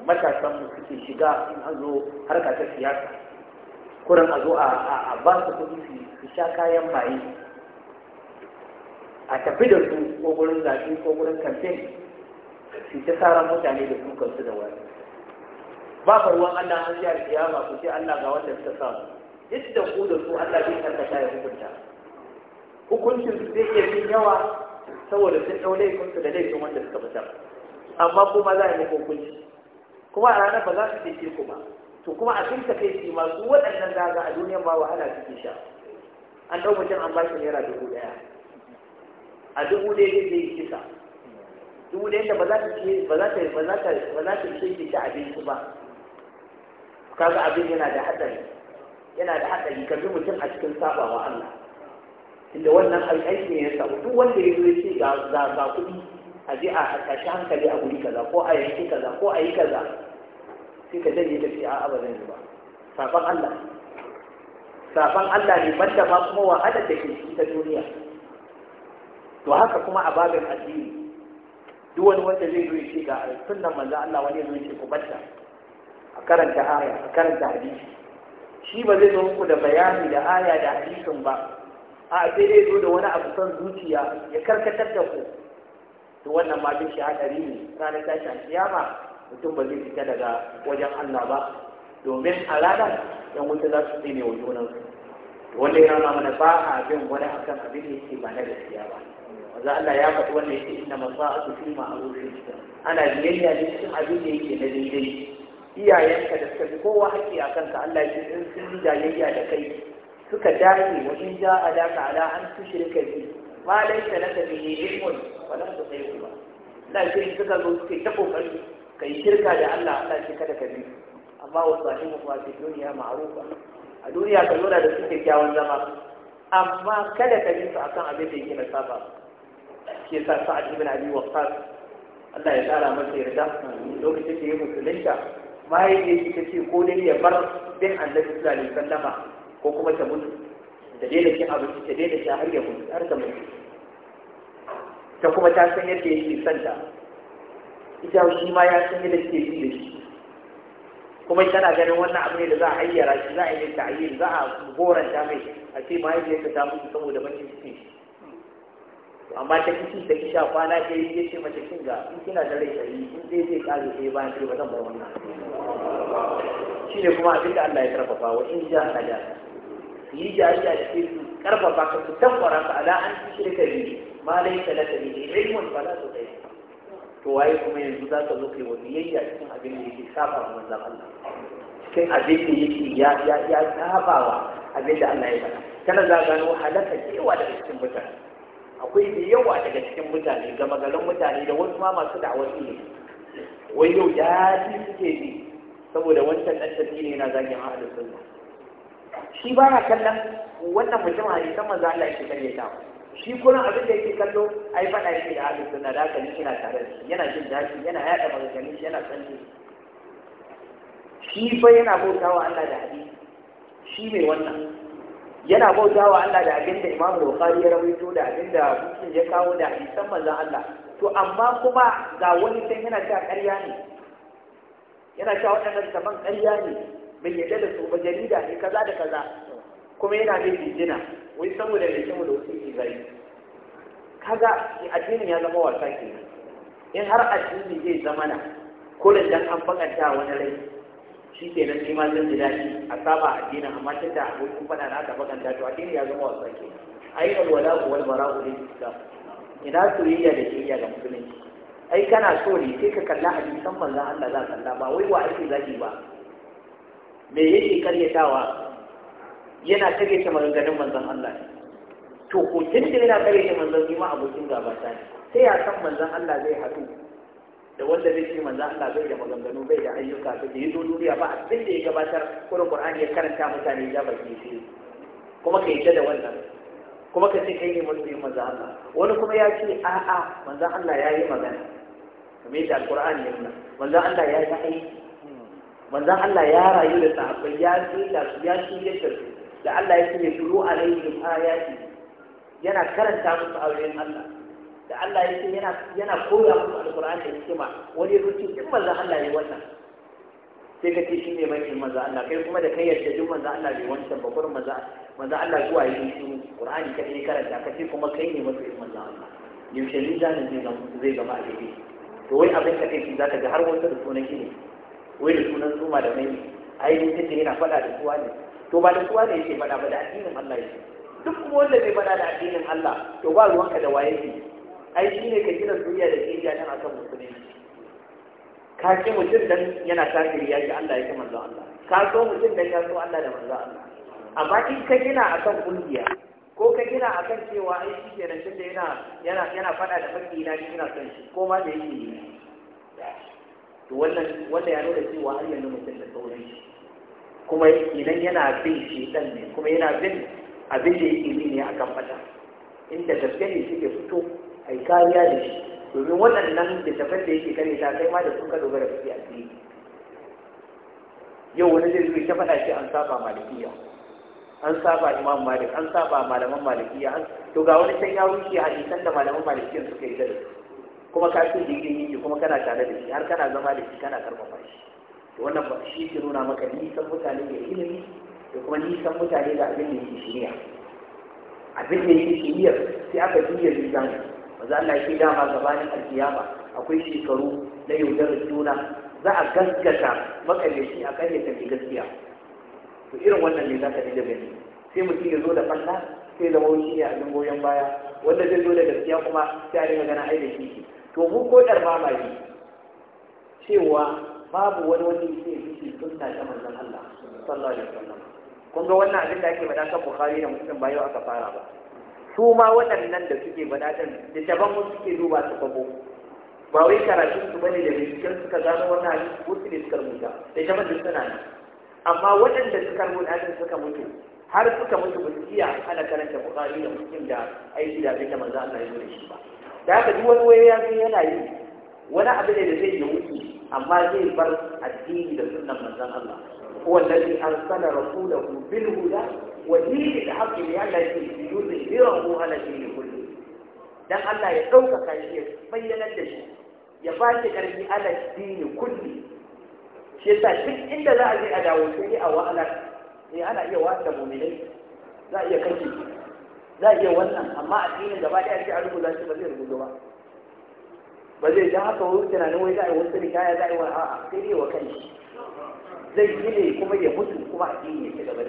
matasan mu suke shiga in an zo harka ta siyasa kurin a zo a ba su kuɗi su sha kayan maye a tafi da su ko gurin zaɓe ko gurin kamfen su ta tsara mutane da su da wani ba ruwan Allah an ziyar alkiyama ku ce Allah ga wanda suka samu duk da ku da su Allah bai karkata ya hukunta hukuncin su zai iya yin yawa saboda sun ɗau su da laifin wanda suka fitar amma kuma za a yi hukunci kuma a ranar ba za su cece ku ba to kuma a cikin takaici masu waɗannan zaga a duniyan ba wahala ke sha an ɗau mutum an bashi naira dubu ɗaya a dubu ɗaya zai yi kisa dubu ɗaya da ba za ta ce ba za ta ba za ta ba za ta ce ki ci abinci ba kaga abin yana da hatsari yana da hatsari ka bi mutum a cikin sabawa Allah inda wannan aiki ne ya samu duk wanda ya zo ce ga ga ga kuɗi a je a tashi hankali a guri kaza ko a yanki kaza ko a yi kaza sai ka dade ka ce a'a ba zan yi ba saban Allah saban Allah ne banda ma kuma wa da ke ciki ta duniya to haka kuma a babin addini duk wani wanda zai zo ya ce ga sunnan manzo Allah wani ya zo ya ce ku banta a karanta aya a karanta hadisi shi ba zai zo muku da bayani da aya da hadisin ba a sai dai zo da wani abu son zuciya ya karkatar da ku to wannan ma duk shi hadari ne ranar tashin kiyama mutum ba zai fita daga wajen Allah ba domin a ranar yan wuta za su tsine wa junansu wanda ya rama mana ba a bin wani akan abin da yake ba na gaskiya ba wanda Allah ya faɗi wannan yake inna masa'atu fi ma'rufin ana biyayya ne cikin abin da yake na daidai iyayenka da suka fi kowa haƙƙi a kanka Allah ya ce in sun yi jayayya da kai suka dace wa in ja alaka ala an shirka bi ma ne laka bihi ilmun wa lam tusiba da shi suka zo suke ta kokari kai shirka da Allah Allah shi kada ka bi amma wa sahibu mu wa duniya ma'rufa a duniya ka zo da su kyawun zama amma kada ka bi su akan abin da yake na saba ke sa sa'ad ibn abi waqqas Allah ya tsara masa yarda lokacin da ya musulunta mahaifiyar ta ce ko dai ya bar bin annabi sallallahu alaihi wasallama ko kuma ta mutu da daina cin abinci ta daina sha har ya mutu har ta mutu ta kuma ta san yadda yake son ta ita shi ma ya san yadda ke yi da shi kuma tana ganin wannan abu ne da za a hayyara shi za a yi ta ayyar za a ta mai a ce mahaifiyarsa ta mutu saboda mace cikin amma ta kishi ta kisha kwana ta yi ce mace kin ga in kina da rai yi, in zai zai kare sai bayan sai ba zan bar wannan shi ne kuma abinda Allah ya karfafa wa in ja kaja yi jariya da ke su karfafa ka su tankwara ka ala an ci shirka ne ma laisa laka ne ilmun fala su kai to waye kuma yanzu za ka zo kai wa biyayya cikin abin da yake saba wa manzon Allah cikin abin da yake ya ya ya saba wa abin da Allah ya faɗa kana za gano halaka yawa daga cikin mutane akwai da yawa daga cikin mutane gama magalan mutane da wasu ma masu da'awar ne wai yau ji suke ji saboda wancan ɗan tafi ne yana zagin ahalin sunna shi ba na kallon wannan mutum a isan manzo Allah yake kare ta shi kuma abin da yake kallo ai faɗa yake da ahlus sunna da haka yana tare da shi yana jin daɗi yana yaɗa maganganu shi yana san shi shi fa yana bautawa Allah da hadisi shi mai wannan yana bautawa Allah da abinda Imam Bukhari ya rawaito da abinda Muslim ya kawo da hadisan manzon Allah to amma kuma ga wani can yana cewa ƙarya ne yana cewa wannan kaman ƙarya ne bai yadda da su ba jarida ne kaza da kaza kuma yana bin bijina wai saboda mai kyau da wasu izari kaga addinin ya zama wasa ke. in har addini zai zama na ko da dan an bakanta wani rai shi ke nan ima zan ji daɗi a saba addinin amma tun da abokin faɗa na aka bakanta to addini ya zama wasa ke ai alwala wal bara'u lil islam ina soyayya da kiyayya ga musulunci ai kana so ne sai ka kalla hadisan manzon Allah za ka kalla ba wai wa ake zaki ba me yake karyatawa yana karyata maganganun manzon Allah ne to ko tunda yana karyata manzon ima ma abokin gaba ta ne sai ya san manzon Allah zai haɗu da wanda zai ce manzon Allah zai da maganganu bai da ayyuka ba da yazo duniya ba abin da ya gabatar kuma Qur'ani ya karanta mutane ya baki shi kuma ka ta da wannan kuma ka ce kai ne musulmi manzon Allah wani kuma ya ce a'a manzon Allah ya yi magana kamar yadda Al-Qur'ani ya nuna manzon Allah ya yi aiki manzon Allah ya rayu da sahabbai ya tsira su ya shirye da su da Allah ya ce shuru ayati yana karanta musu auren Allah da Allah ya yana yana koya musu alqur'ani da hikima wani ruci duk manzon Allah ya wannan sai ka ce shine mai manzon Allah kai kuma da kai yadda duk manzon Allah bai wancan ba kurin manzon manzon Allah zuwa yi shi qur'ani ka ne karanta ka ce kuma kai ne masoyin Allah yaushe ne zai zama zai gama a to wai abin ka kai shi zaka ga har wata da sunan shi ne wai da sunan su da mai ai ne ce yana faɗa da suwa ne to ba da suwa ne yake faɗa ba da addinin Allah yake duk kuma wanda zai faɗa da addinin Allah to ba ruwanka da waye ne ai shi ne ka gina soyayya da kiyaya a kan musulmi ka ce mutum dan yana kafiri ya ji Allah ya manzo Allah ka so mutum dan ya so Allah da manzo Allah amma in ka gina akan kungiya ko ka gina akan cewa ai shi ke tunda yana yana yana faɗa da fakina shi yana son shi ko ma da yake ne to wannan wanda ya nuna cewa har yanzu mutum da sauran shi kuma idan yana bin shedan ne kuma yana bin abin da yake bi ne kan fata inda tafiya ne suke fito ai kariya da shi domin waɗannan da tafar da yake kare ta kai ma da sun ka dogara su a ciki yau wani zai zo ta faɗa shi an saba malikiya an saba imam malik an saba malaman malikiya to ga wani can ya rushe hadisan da malaman malikiyan suka yi da su kuma ka ce digiri yake kuma kana tare da shi har kana zama da shi kana karfafa shi to wannan ba shi ke nuna maka nisan mutane da ilimi da kuma nisan mutane da abin da yake shirya abin da yake shirya sai aka shi zan maza Allah yake dama gabanin alkiyama akwai shekaru na yaudarar juna za a gaskata makallaci a yadda mai gaskiya to irin wannan ne za ka dinga gani sai mutum ya zo da falla sai zama wuce ne a goyon baya wanda zai zo da gaskiya kuma sai a dinga gana aida shi to mu ko dar mamaki cewa babu wani wani ke yake sunna ta manzon Allah sallallahu alaihi wasallam kun ga wannan abin da ake bada kan Bukhari da Muslim ba yau aka fara ba su ma waɗannan da suke ta da taban mu suke duba su fago ba wai karatun su bane da binciken suka gano wannan abin ko su ne suka rubuta taban da suna ne amma waɗanda suka rubuta din suka mutu har suka mutu ba su iya ana karanta Bukhari da Muslim da aiki da abin da manzon Allah ya zo da shi ba da haka duk wani waya ya yana yi wani abu ne da zai yi wuce amma zai bar addini da sunan manzon Allah wanda zai arsala rasulahu bil huda wa dini da ya li alla yuzhirahu ala dini kullu dan Allah ya dauka shi ya bayyana da shi ya ba shi karfi ala dini kullu shi yasa duk inda za a je a dawo sai a wahala sai eh, ana iya wasa mu'minai za a iya kashe za a iya wannan amma addinin gaba ɗaya ce a rubuta shi ba zai rubuta ba ba zai ja haka wani tunanin wai za a yi wasu kaya za a yi wani a'a sai dai wa kai zai yi ne kuma ya mutu kuma addini ya ci gaba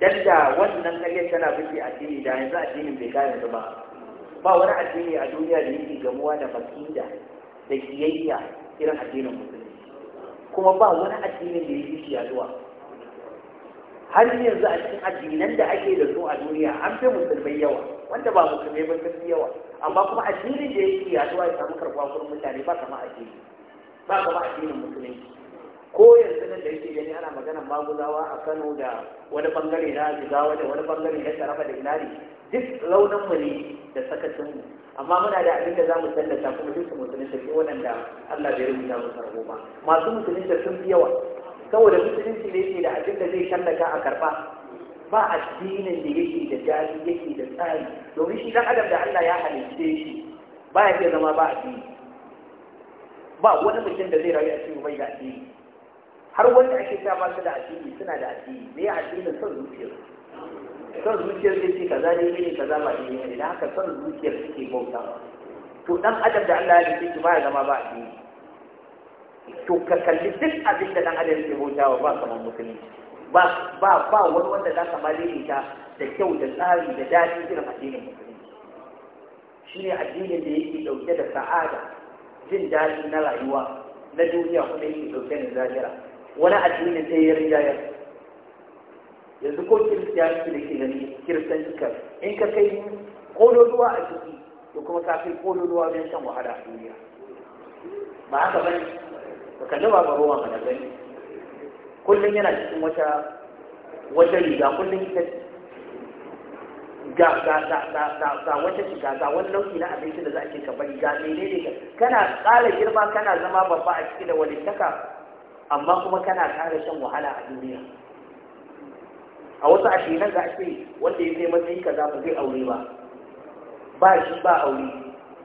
da shi da wannan kage tana a cikin da yanzu addinin bai kare ba ba wani addini a duniya da yake gamuwa da fasida da kiyayya irin addinin musulmi kuma ba wani cikin da yake yaduwa har yanzu a cikin addinan da ake da su a duniya an fi musulmai yawa wanda ba musulmai ba sun yawa amma kuma addinin da yake yaduwa ya samu karɓuwa gurin mutane ba kama addini ba kama addinin musulmai. ko yanzu nan da yake gani ana magana maguzawa a Kano da wani bangare na Jigawa da wani bangare na Taraba da inari, duk launin mu ne da sakacin mu amma muna da abin da zamu tallata kuma duk musulmai da ke waɗanda Allah bai rubuta musu ba masu musulmai sun fi yawa saboda musulunci ne yake da abin da zai shallaka a karba ba addinin da yake da jari yake da tsari domin shi dan adam da Allah ya halitte shi ba ya zama ba addini ba wani mutum da zai rayu a cikin bai da addini har wanda ake ta ba su da addini suna da addini me addinin son zuciyar son zuciyar zai ce kaza ne ne kaza ba ne ne da haka son zuciyar suke bauta. to dan adam da Allah ya halitte shi ba ya zama ba addini to ka kalli duk abin da dan adam ke bautawa ba kamar musulmi. ba ba ba wani wanda za ka ta da kyau da tsari da daɗi irin addinin musulmi shi ne addinin da yake ɗauke da sa'ada jin daɗi na rayuwa na duniya kuma yake ɗauke da zahira wani addinin sai ya rinjayar yanzu ko kiristiyanci da ke gani kiristanci ka in ka kai kololuwa a ciki to kuma ka kai kololuwa bin shan wahala a duniya ba haka bane ka kalli ba ga roman hana gani kullum yana cikin wata wata riga kullum ita ga ga ga ga ga wata shiga ga wani nau'i na abinci da za a ce ka bari ga menene ne kana ƙara girma kana zama babba a cikin da walittaka amma kuma kana ƙara shan wahala a duniya a wasu ashirin ga ake wanda ya kai matsayi ka za ba zai aure ba ba shi ba aure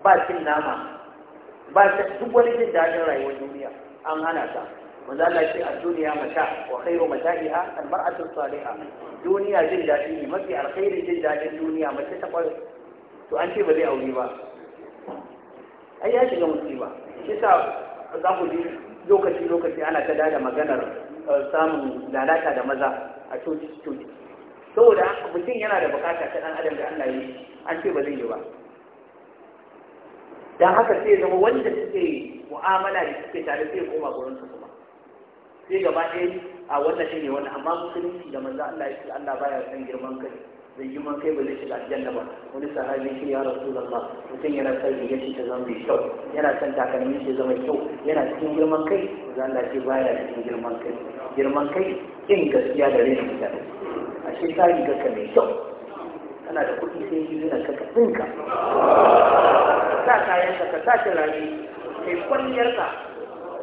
ba cin nama ba duk wani jin daɗin rayuwar duniya an hana ta manzo Allah ya ce a duniya mata wa khairu mata'iha al-mar'atu salihah duniya jin dadi ne mafi alkhairin jin daɗin duniya mace ta kwai to an ce ba zai aure ba ai ya shiga musiba shi sa za ku ji lokaci lokaci ana ta dada maganar eh, samun lalata da maza a coci coci saboda mutum yana da bukata ta dan adam da Allah yi an ce ba zai yi ba dan haka sai zama wanda suke mu'amala da suke tare sai koma gurin su kuma sai gaba ɗaya a wannan shi ne wannan amma musulunci da manzo Allah ya ce Allah baya san girman kai zai yi kai ba zai shiga aljanna ba wani sahabi shi ya rasu da ba mutum yana son riga shi ta zama mai kyau yana son takalmi shi zama kyau yana cikin girman kai za Allah ce baya cikin girman kai girman kai kin gaskiya da rai mutane a shi ka riga ka mai kyau kana da kuɗi sai yi zuwa ka ka tsinka sa kayan ka ka sa shi kai kwalliyarka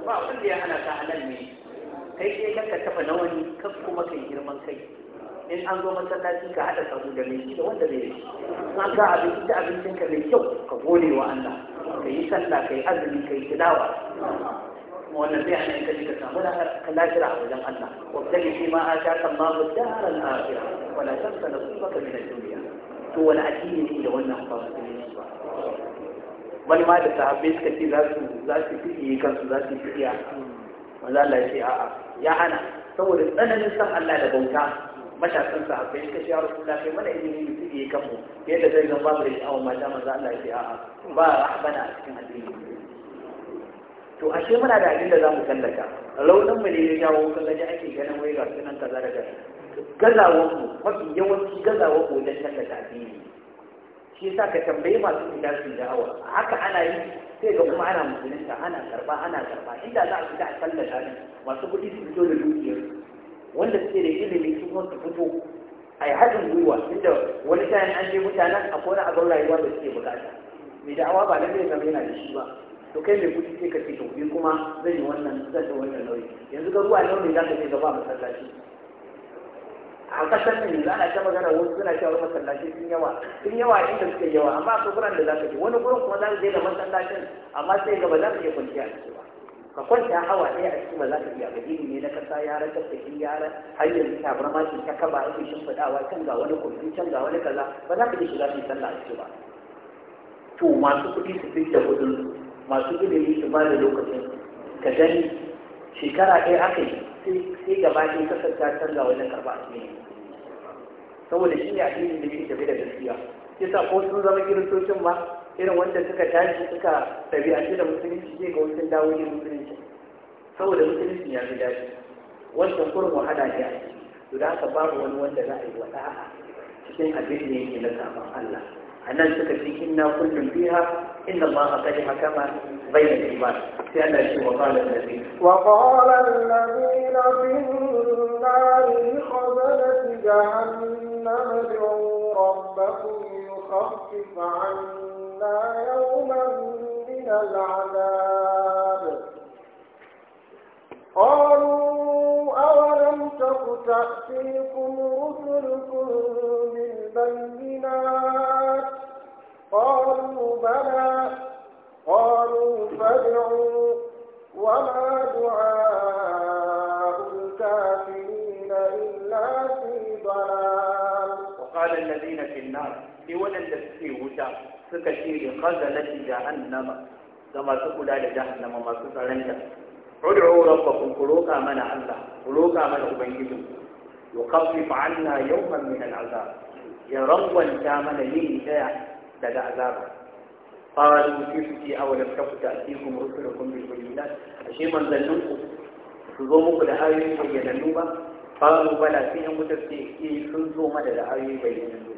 ba abin da ya hana ta halal ne kai ke kan ka tafa na wani kan kuma kai girman kai in an zo masallaci ka haɗa sabu da mai shi da wanda zai yi an ga abinci da abincinka mai kyau ka gode wa Allah ka yi sallah ka yi azumi ka yi tilawa wannan zai hana ka ka samu ka lafira a wajen Allah wabtali fi ma ataka Allahu ad-dara al-akhirah wala tansa nasibaka min ad-dunya to wala addini ne da wannan ba musulunci ba wani ma da sahabbai suka ce za su za su fiye kansu za su fiye Maza Allah ya ce a'a ya hana saboda tsananin san Allah da bauta matasan sahabbai suka ce ya rasulullah kai mana izini mu fiye kanmu yadda zai zan babu rashin awon mata maza Allah ya ce a'a ba rahbana a cikin addini to ashe muna da abin da za mu tallata raunin mu ne ya jawo gaji ake ganin wai ga sunan kaza gaza gazawar ku mafi yawanci gazawar ku wajen tallata addini shi yasa ka tambayi masu fita su da'awa. haka ana yi sai ga kuma ana musulunta ana karba ana karba inda za a fita a tallata ne masu kuɗi su fito da dukiyar wanda suke da ilimi su kuma su fito a yi haɗin gwiwa inda wani tayan an je mutanen a kona a zaura rayuwa da suke bukata mai da'awa ba na zai zama yana da shi ba to kai mai kuɗi sai ka ce to kuma zai yi wannan zai wannan nauyi yanzu ga ruwa nauyi za ka ce gaba masallaci a kasar nan yanzu ana ta magana wasu suna cewa masallaci sun yawa sun yawa inda suka yawa amma akwai guran da za ka je wani gurin kuma za ka je da masallacin amma sai gaba za ka iya kwanciya a ciki ba ka kwanta hawa ɗaya a cikin ba za ka iya ba ne na kasa yaran tattaki yaran har yanzu ta bar mashin ta kaba ake shimfiɗawa can ga wani kofi can ga wani kaza ba za ka je shiga su yi sallah a ciki ba to masu kuɗi su fi da kuɗin masu ilimi su ba da lokacin ka gani shekara ɗaya aka yi sai gaba ne kasanta canza wajen karba cikin saboda shi ne cikin da ke tafi da gaskiya sa ko sun zama kiristocin ba irin wanda suka tashi suka a cikin musulunci zai ga wasu dawoyin musulunci saboda musulunci ya fi dashi wancan kurin wahala ne a ciki to da haka babu wani wanda za a yi wata? cikin abin da yake na samun Allah أن نجدك فيهن وكل فيها إن الله تجه كما بين الإيمان في أن الشيء وقال النبي وقال الذين في النار خزنة جهنم ادعوا ربكم يخفف عنا يوما من العذاب قالوا أولم تك تأتيكم رسلكم من بالبينات قالوا بلى قالوا فادعوا وما دعاء الكافرين إلا في ضلال وقال الذين في النار لولن في هدى فكثير خزنة جهنم كما تقول على جهنم ما تسألنك ادعوا ربكم قلوك من الله قلوك من أبنجدكم يخفف عنا يوما من العذاب ya rangwanta mana yin daya daga azaba qalu fi suki aw lam taku ta'tikum rusulukum bil bayyinat ashe manzannin ku su zo muku da ayoyi bayyanannu ba qalu bala sai an mutar ce sun zo mana da ayoyi bayyanannu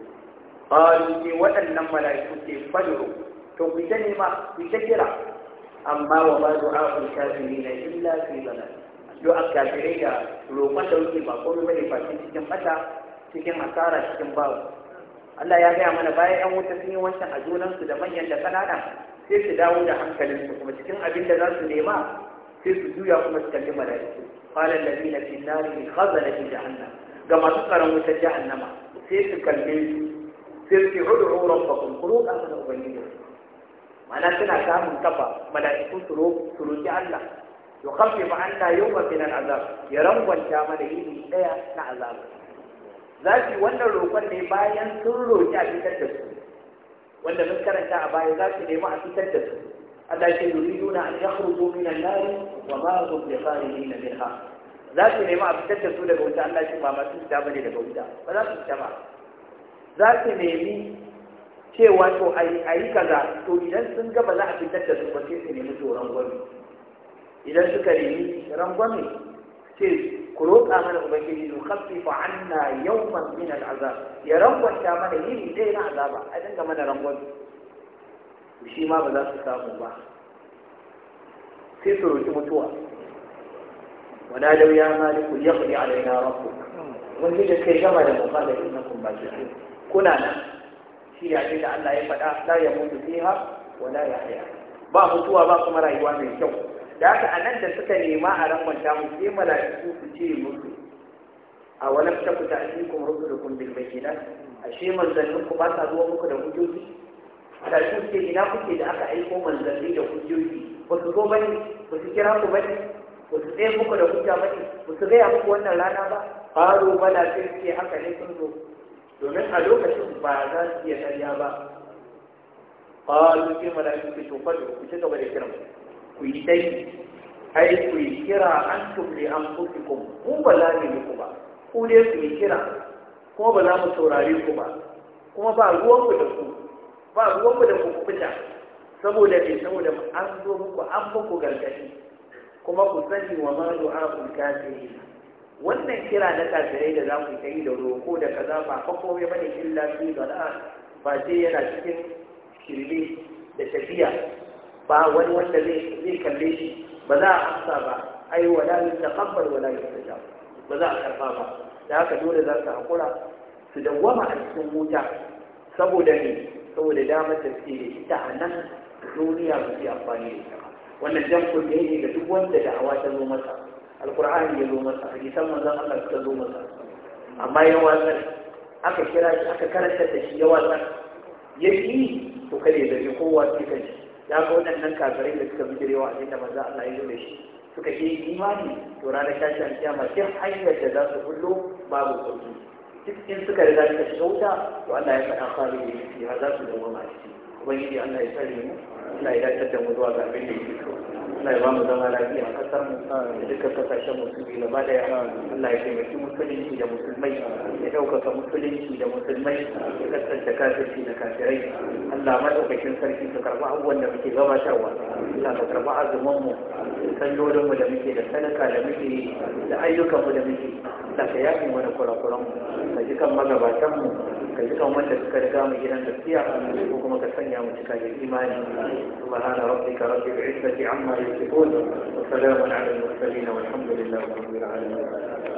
qalu fi waɗannan mala'iku ce fadu to ku ta nema ku ta kira amma wa ma du'a'ul kafirina illa fi dalal du'a kafirai da roƙon da wuce ba komai bane fasin cikin mata cikin asara cikin babu Allah ya gaya mana bayan 'yan wuta sun yi wancan a junansu da manyan da kanana sai su dawo da hankalinsu kuma cikin abin da za su nema sai su juya kuma su kalli mala'iku qalan ladina fi nari da jahannam ga masu tsaron wutar jahannama sai su kalli su sai su hudu rabbakum ku roƙa mana suna samun kafa mala'iku su roƙi Allah yukhaffifu anna yawma min azab, ya rangwanta mana yini daya na azab za su yi wannan roƙon ne bayan sun roƙi a fitar da su wanda mun karanta a baya za su nemi a fitar da su Allah ce yuriduna an yakhruju min an-nar wa ma hum bi na minha za su nemi a fitar da su daga wuta Allah ce ba masu fita bane daga wuta ba za su fita ba za su nemi cewa to a yi kaza to idan sun gaba za a fitar da su ba sai su nemi tsoron gwami. idan suka nemi rangwame sai ku roƙa mana ubangiji to khaffifa anna yawman min al'azab ya rangwanta mana yin dai na azaba a dinga mana rangwan shi ma ba za su samu ba sai su roƙi mutuwa wana da ya maliku ya kudi alaina rabbu mun ji da kai gama da da muqalla ba, baqi kuna nan shi ya ce da Allah ya faɗa la ya mutu fiha wala ya haya ba mutuwa ba kuma rayuwa mai kyau da aka a nan da suka nema a rangwanta mu sai mala'iku su ce musu a walam ta kuta a cikin rusulukum A bayyinat ashe manzannin ku ba sa zuwa muku da hujjoji da su ce ina kuke da aka aiko manzanni da hujjoji ba su zo bane ba su kira ku bane ba su tsaye muku da hujja bane ba su gaya muku wannan rana ba faro bala sai ce haka ne sun zo domin a lokacin ba za su iya karya ba قالوا في ملائكة توفدوا كتبوا لكرمه ku yi dai ai ku yi kira an tumle an kufi ku mu ba za mu yi ku ba ku dai ku yi kira kuma ba za mu saurare ku ba kuma ba ruwanku da ku ba ku da ku fita saboda ne saboda an zo muku an muku gargaɗi kuma ku sani wa ma ku kafirin wannan kira na kafirai da za ku yi da roko da kaza ba fa komai bane illa fi da ba sai yana cikin shirme da tafiya ba wani wanda zai kalle shi ba za a amsa ba ai wala min taqabbal wala yustajab ba za a karba ba da haka dole za su haƙura su dawwama a cikin wuta saboda ne saboda damar da suke da ita a nan duniya su su amfani da ita wannan jan ne ne ga duk wanda da awa ta zo masa alkur'ani ya zo masa a hadisan manzon Allah suka zo masa amma ya watsar aka kira shi aka karanta da shi ya watsar ya yi to kare da kowa cikin shi ya ga waɗannan kafirai da suka wa abin da maza Allah ya zo da shi suka yi imani to ranar an kiyama sai hanyar da za su kullo babu kurki duk in suka riga suka shiga wuta to Allah ya faɗa kwari da ya za su zama masu ubangiji Allah ya tsare mu na ya da mu zuwa ga abin da yake so Allah ya ba mu zama lafiya a kasar mu da dukkan kasashen musulmi ba daya Allah ya taimaki musulunci da musulmai ya ɗaukaka musulunci da musulmai ya kasance kafirci da kafirai Allah ɗaukakin sarki su karɓi abubuwan da muke gabatarwa Allah ka karɓi azumin mu sallolin mu da muke da sadaka da muke da ayyukan mu da muke Allah ka wani mana kurakuran mu ka ji kan magabatan mu ka ji kan wanda suka riga mu gidan gaskiya ko kuma ka sanya mu cika da imani subhana rabbika rabbil izzati amma yasifun wa salamun ala al mursalin walhamdulillahi rabbil alamin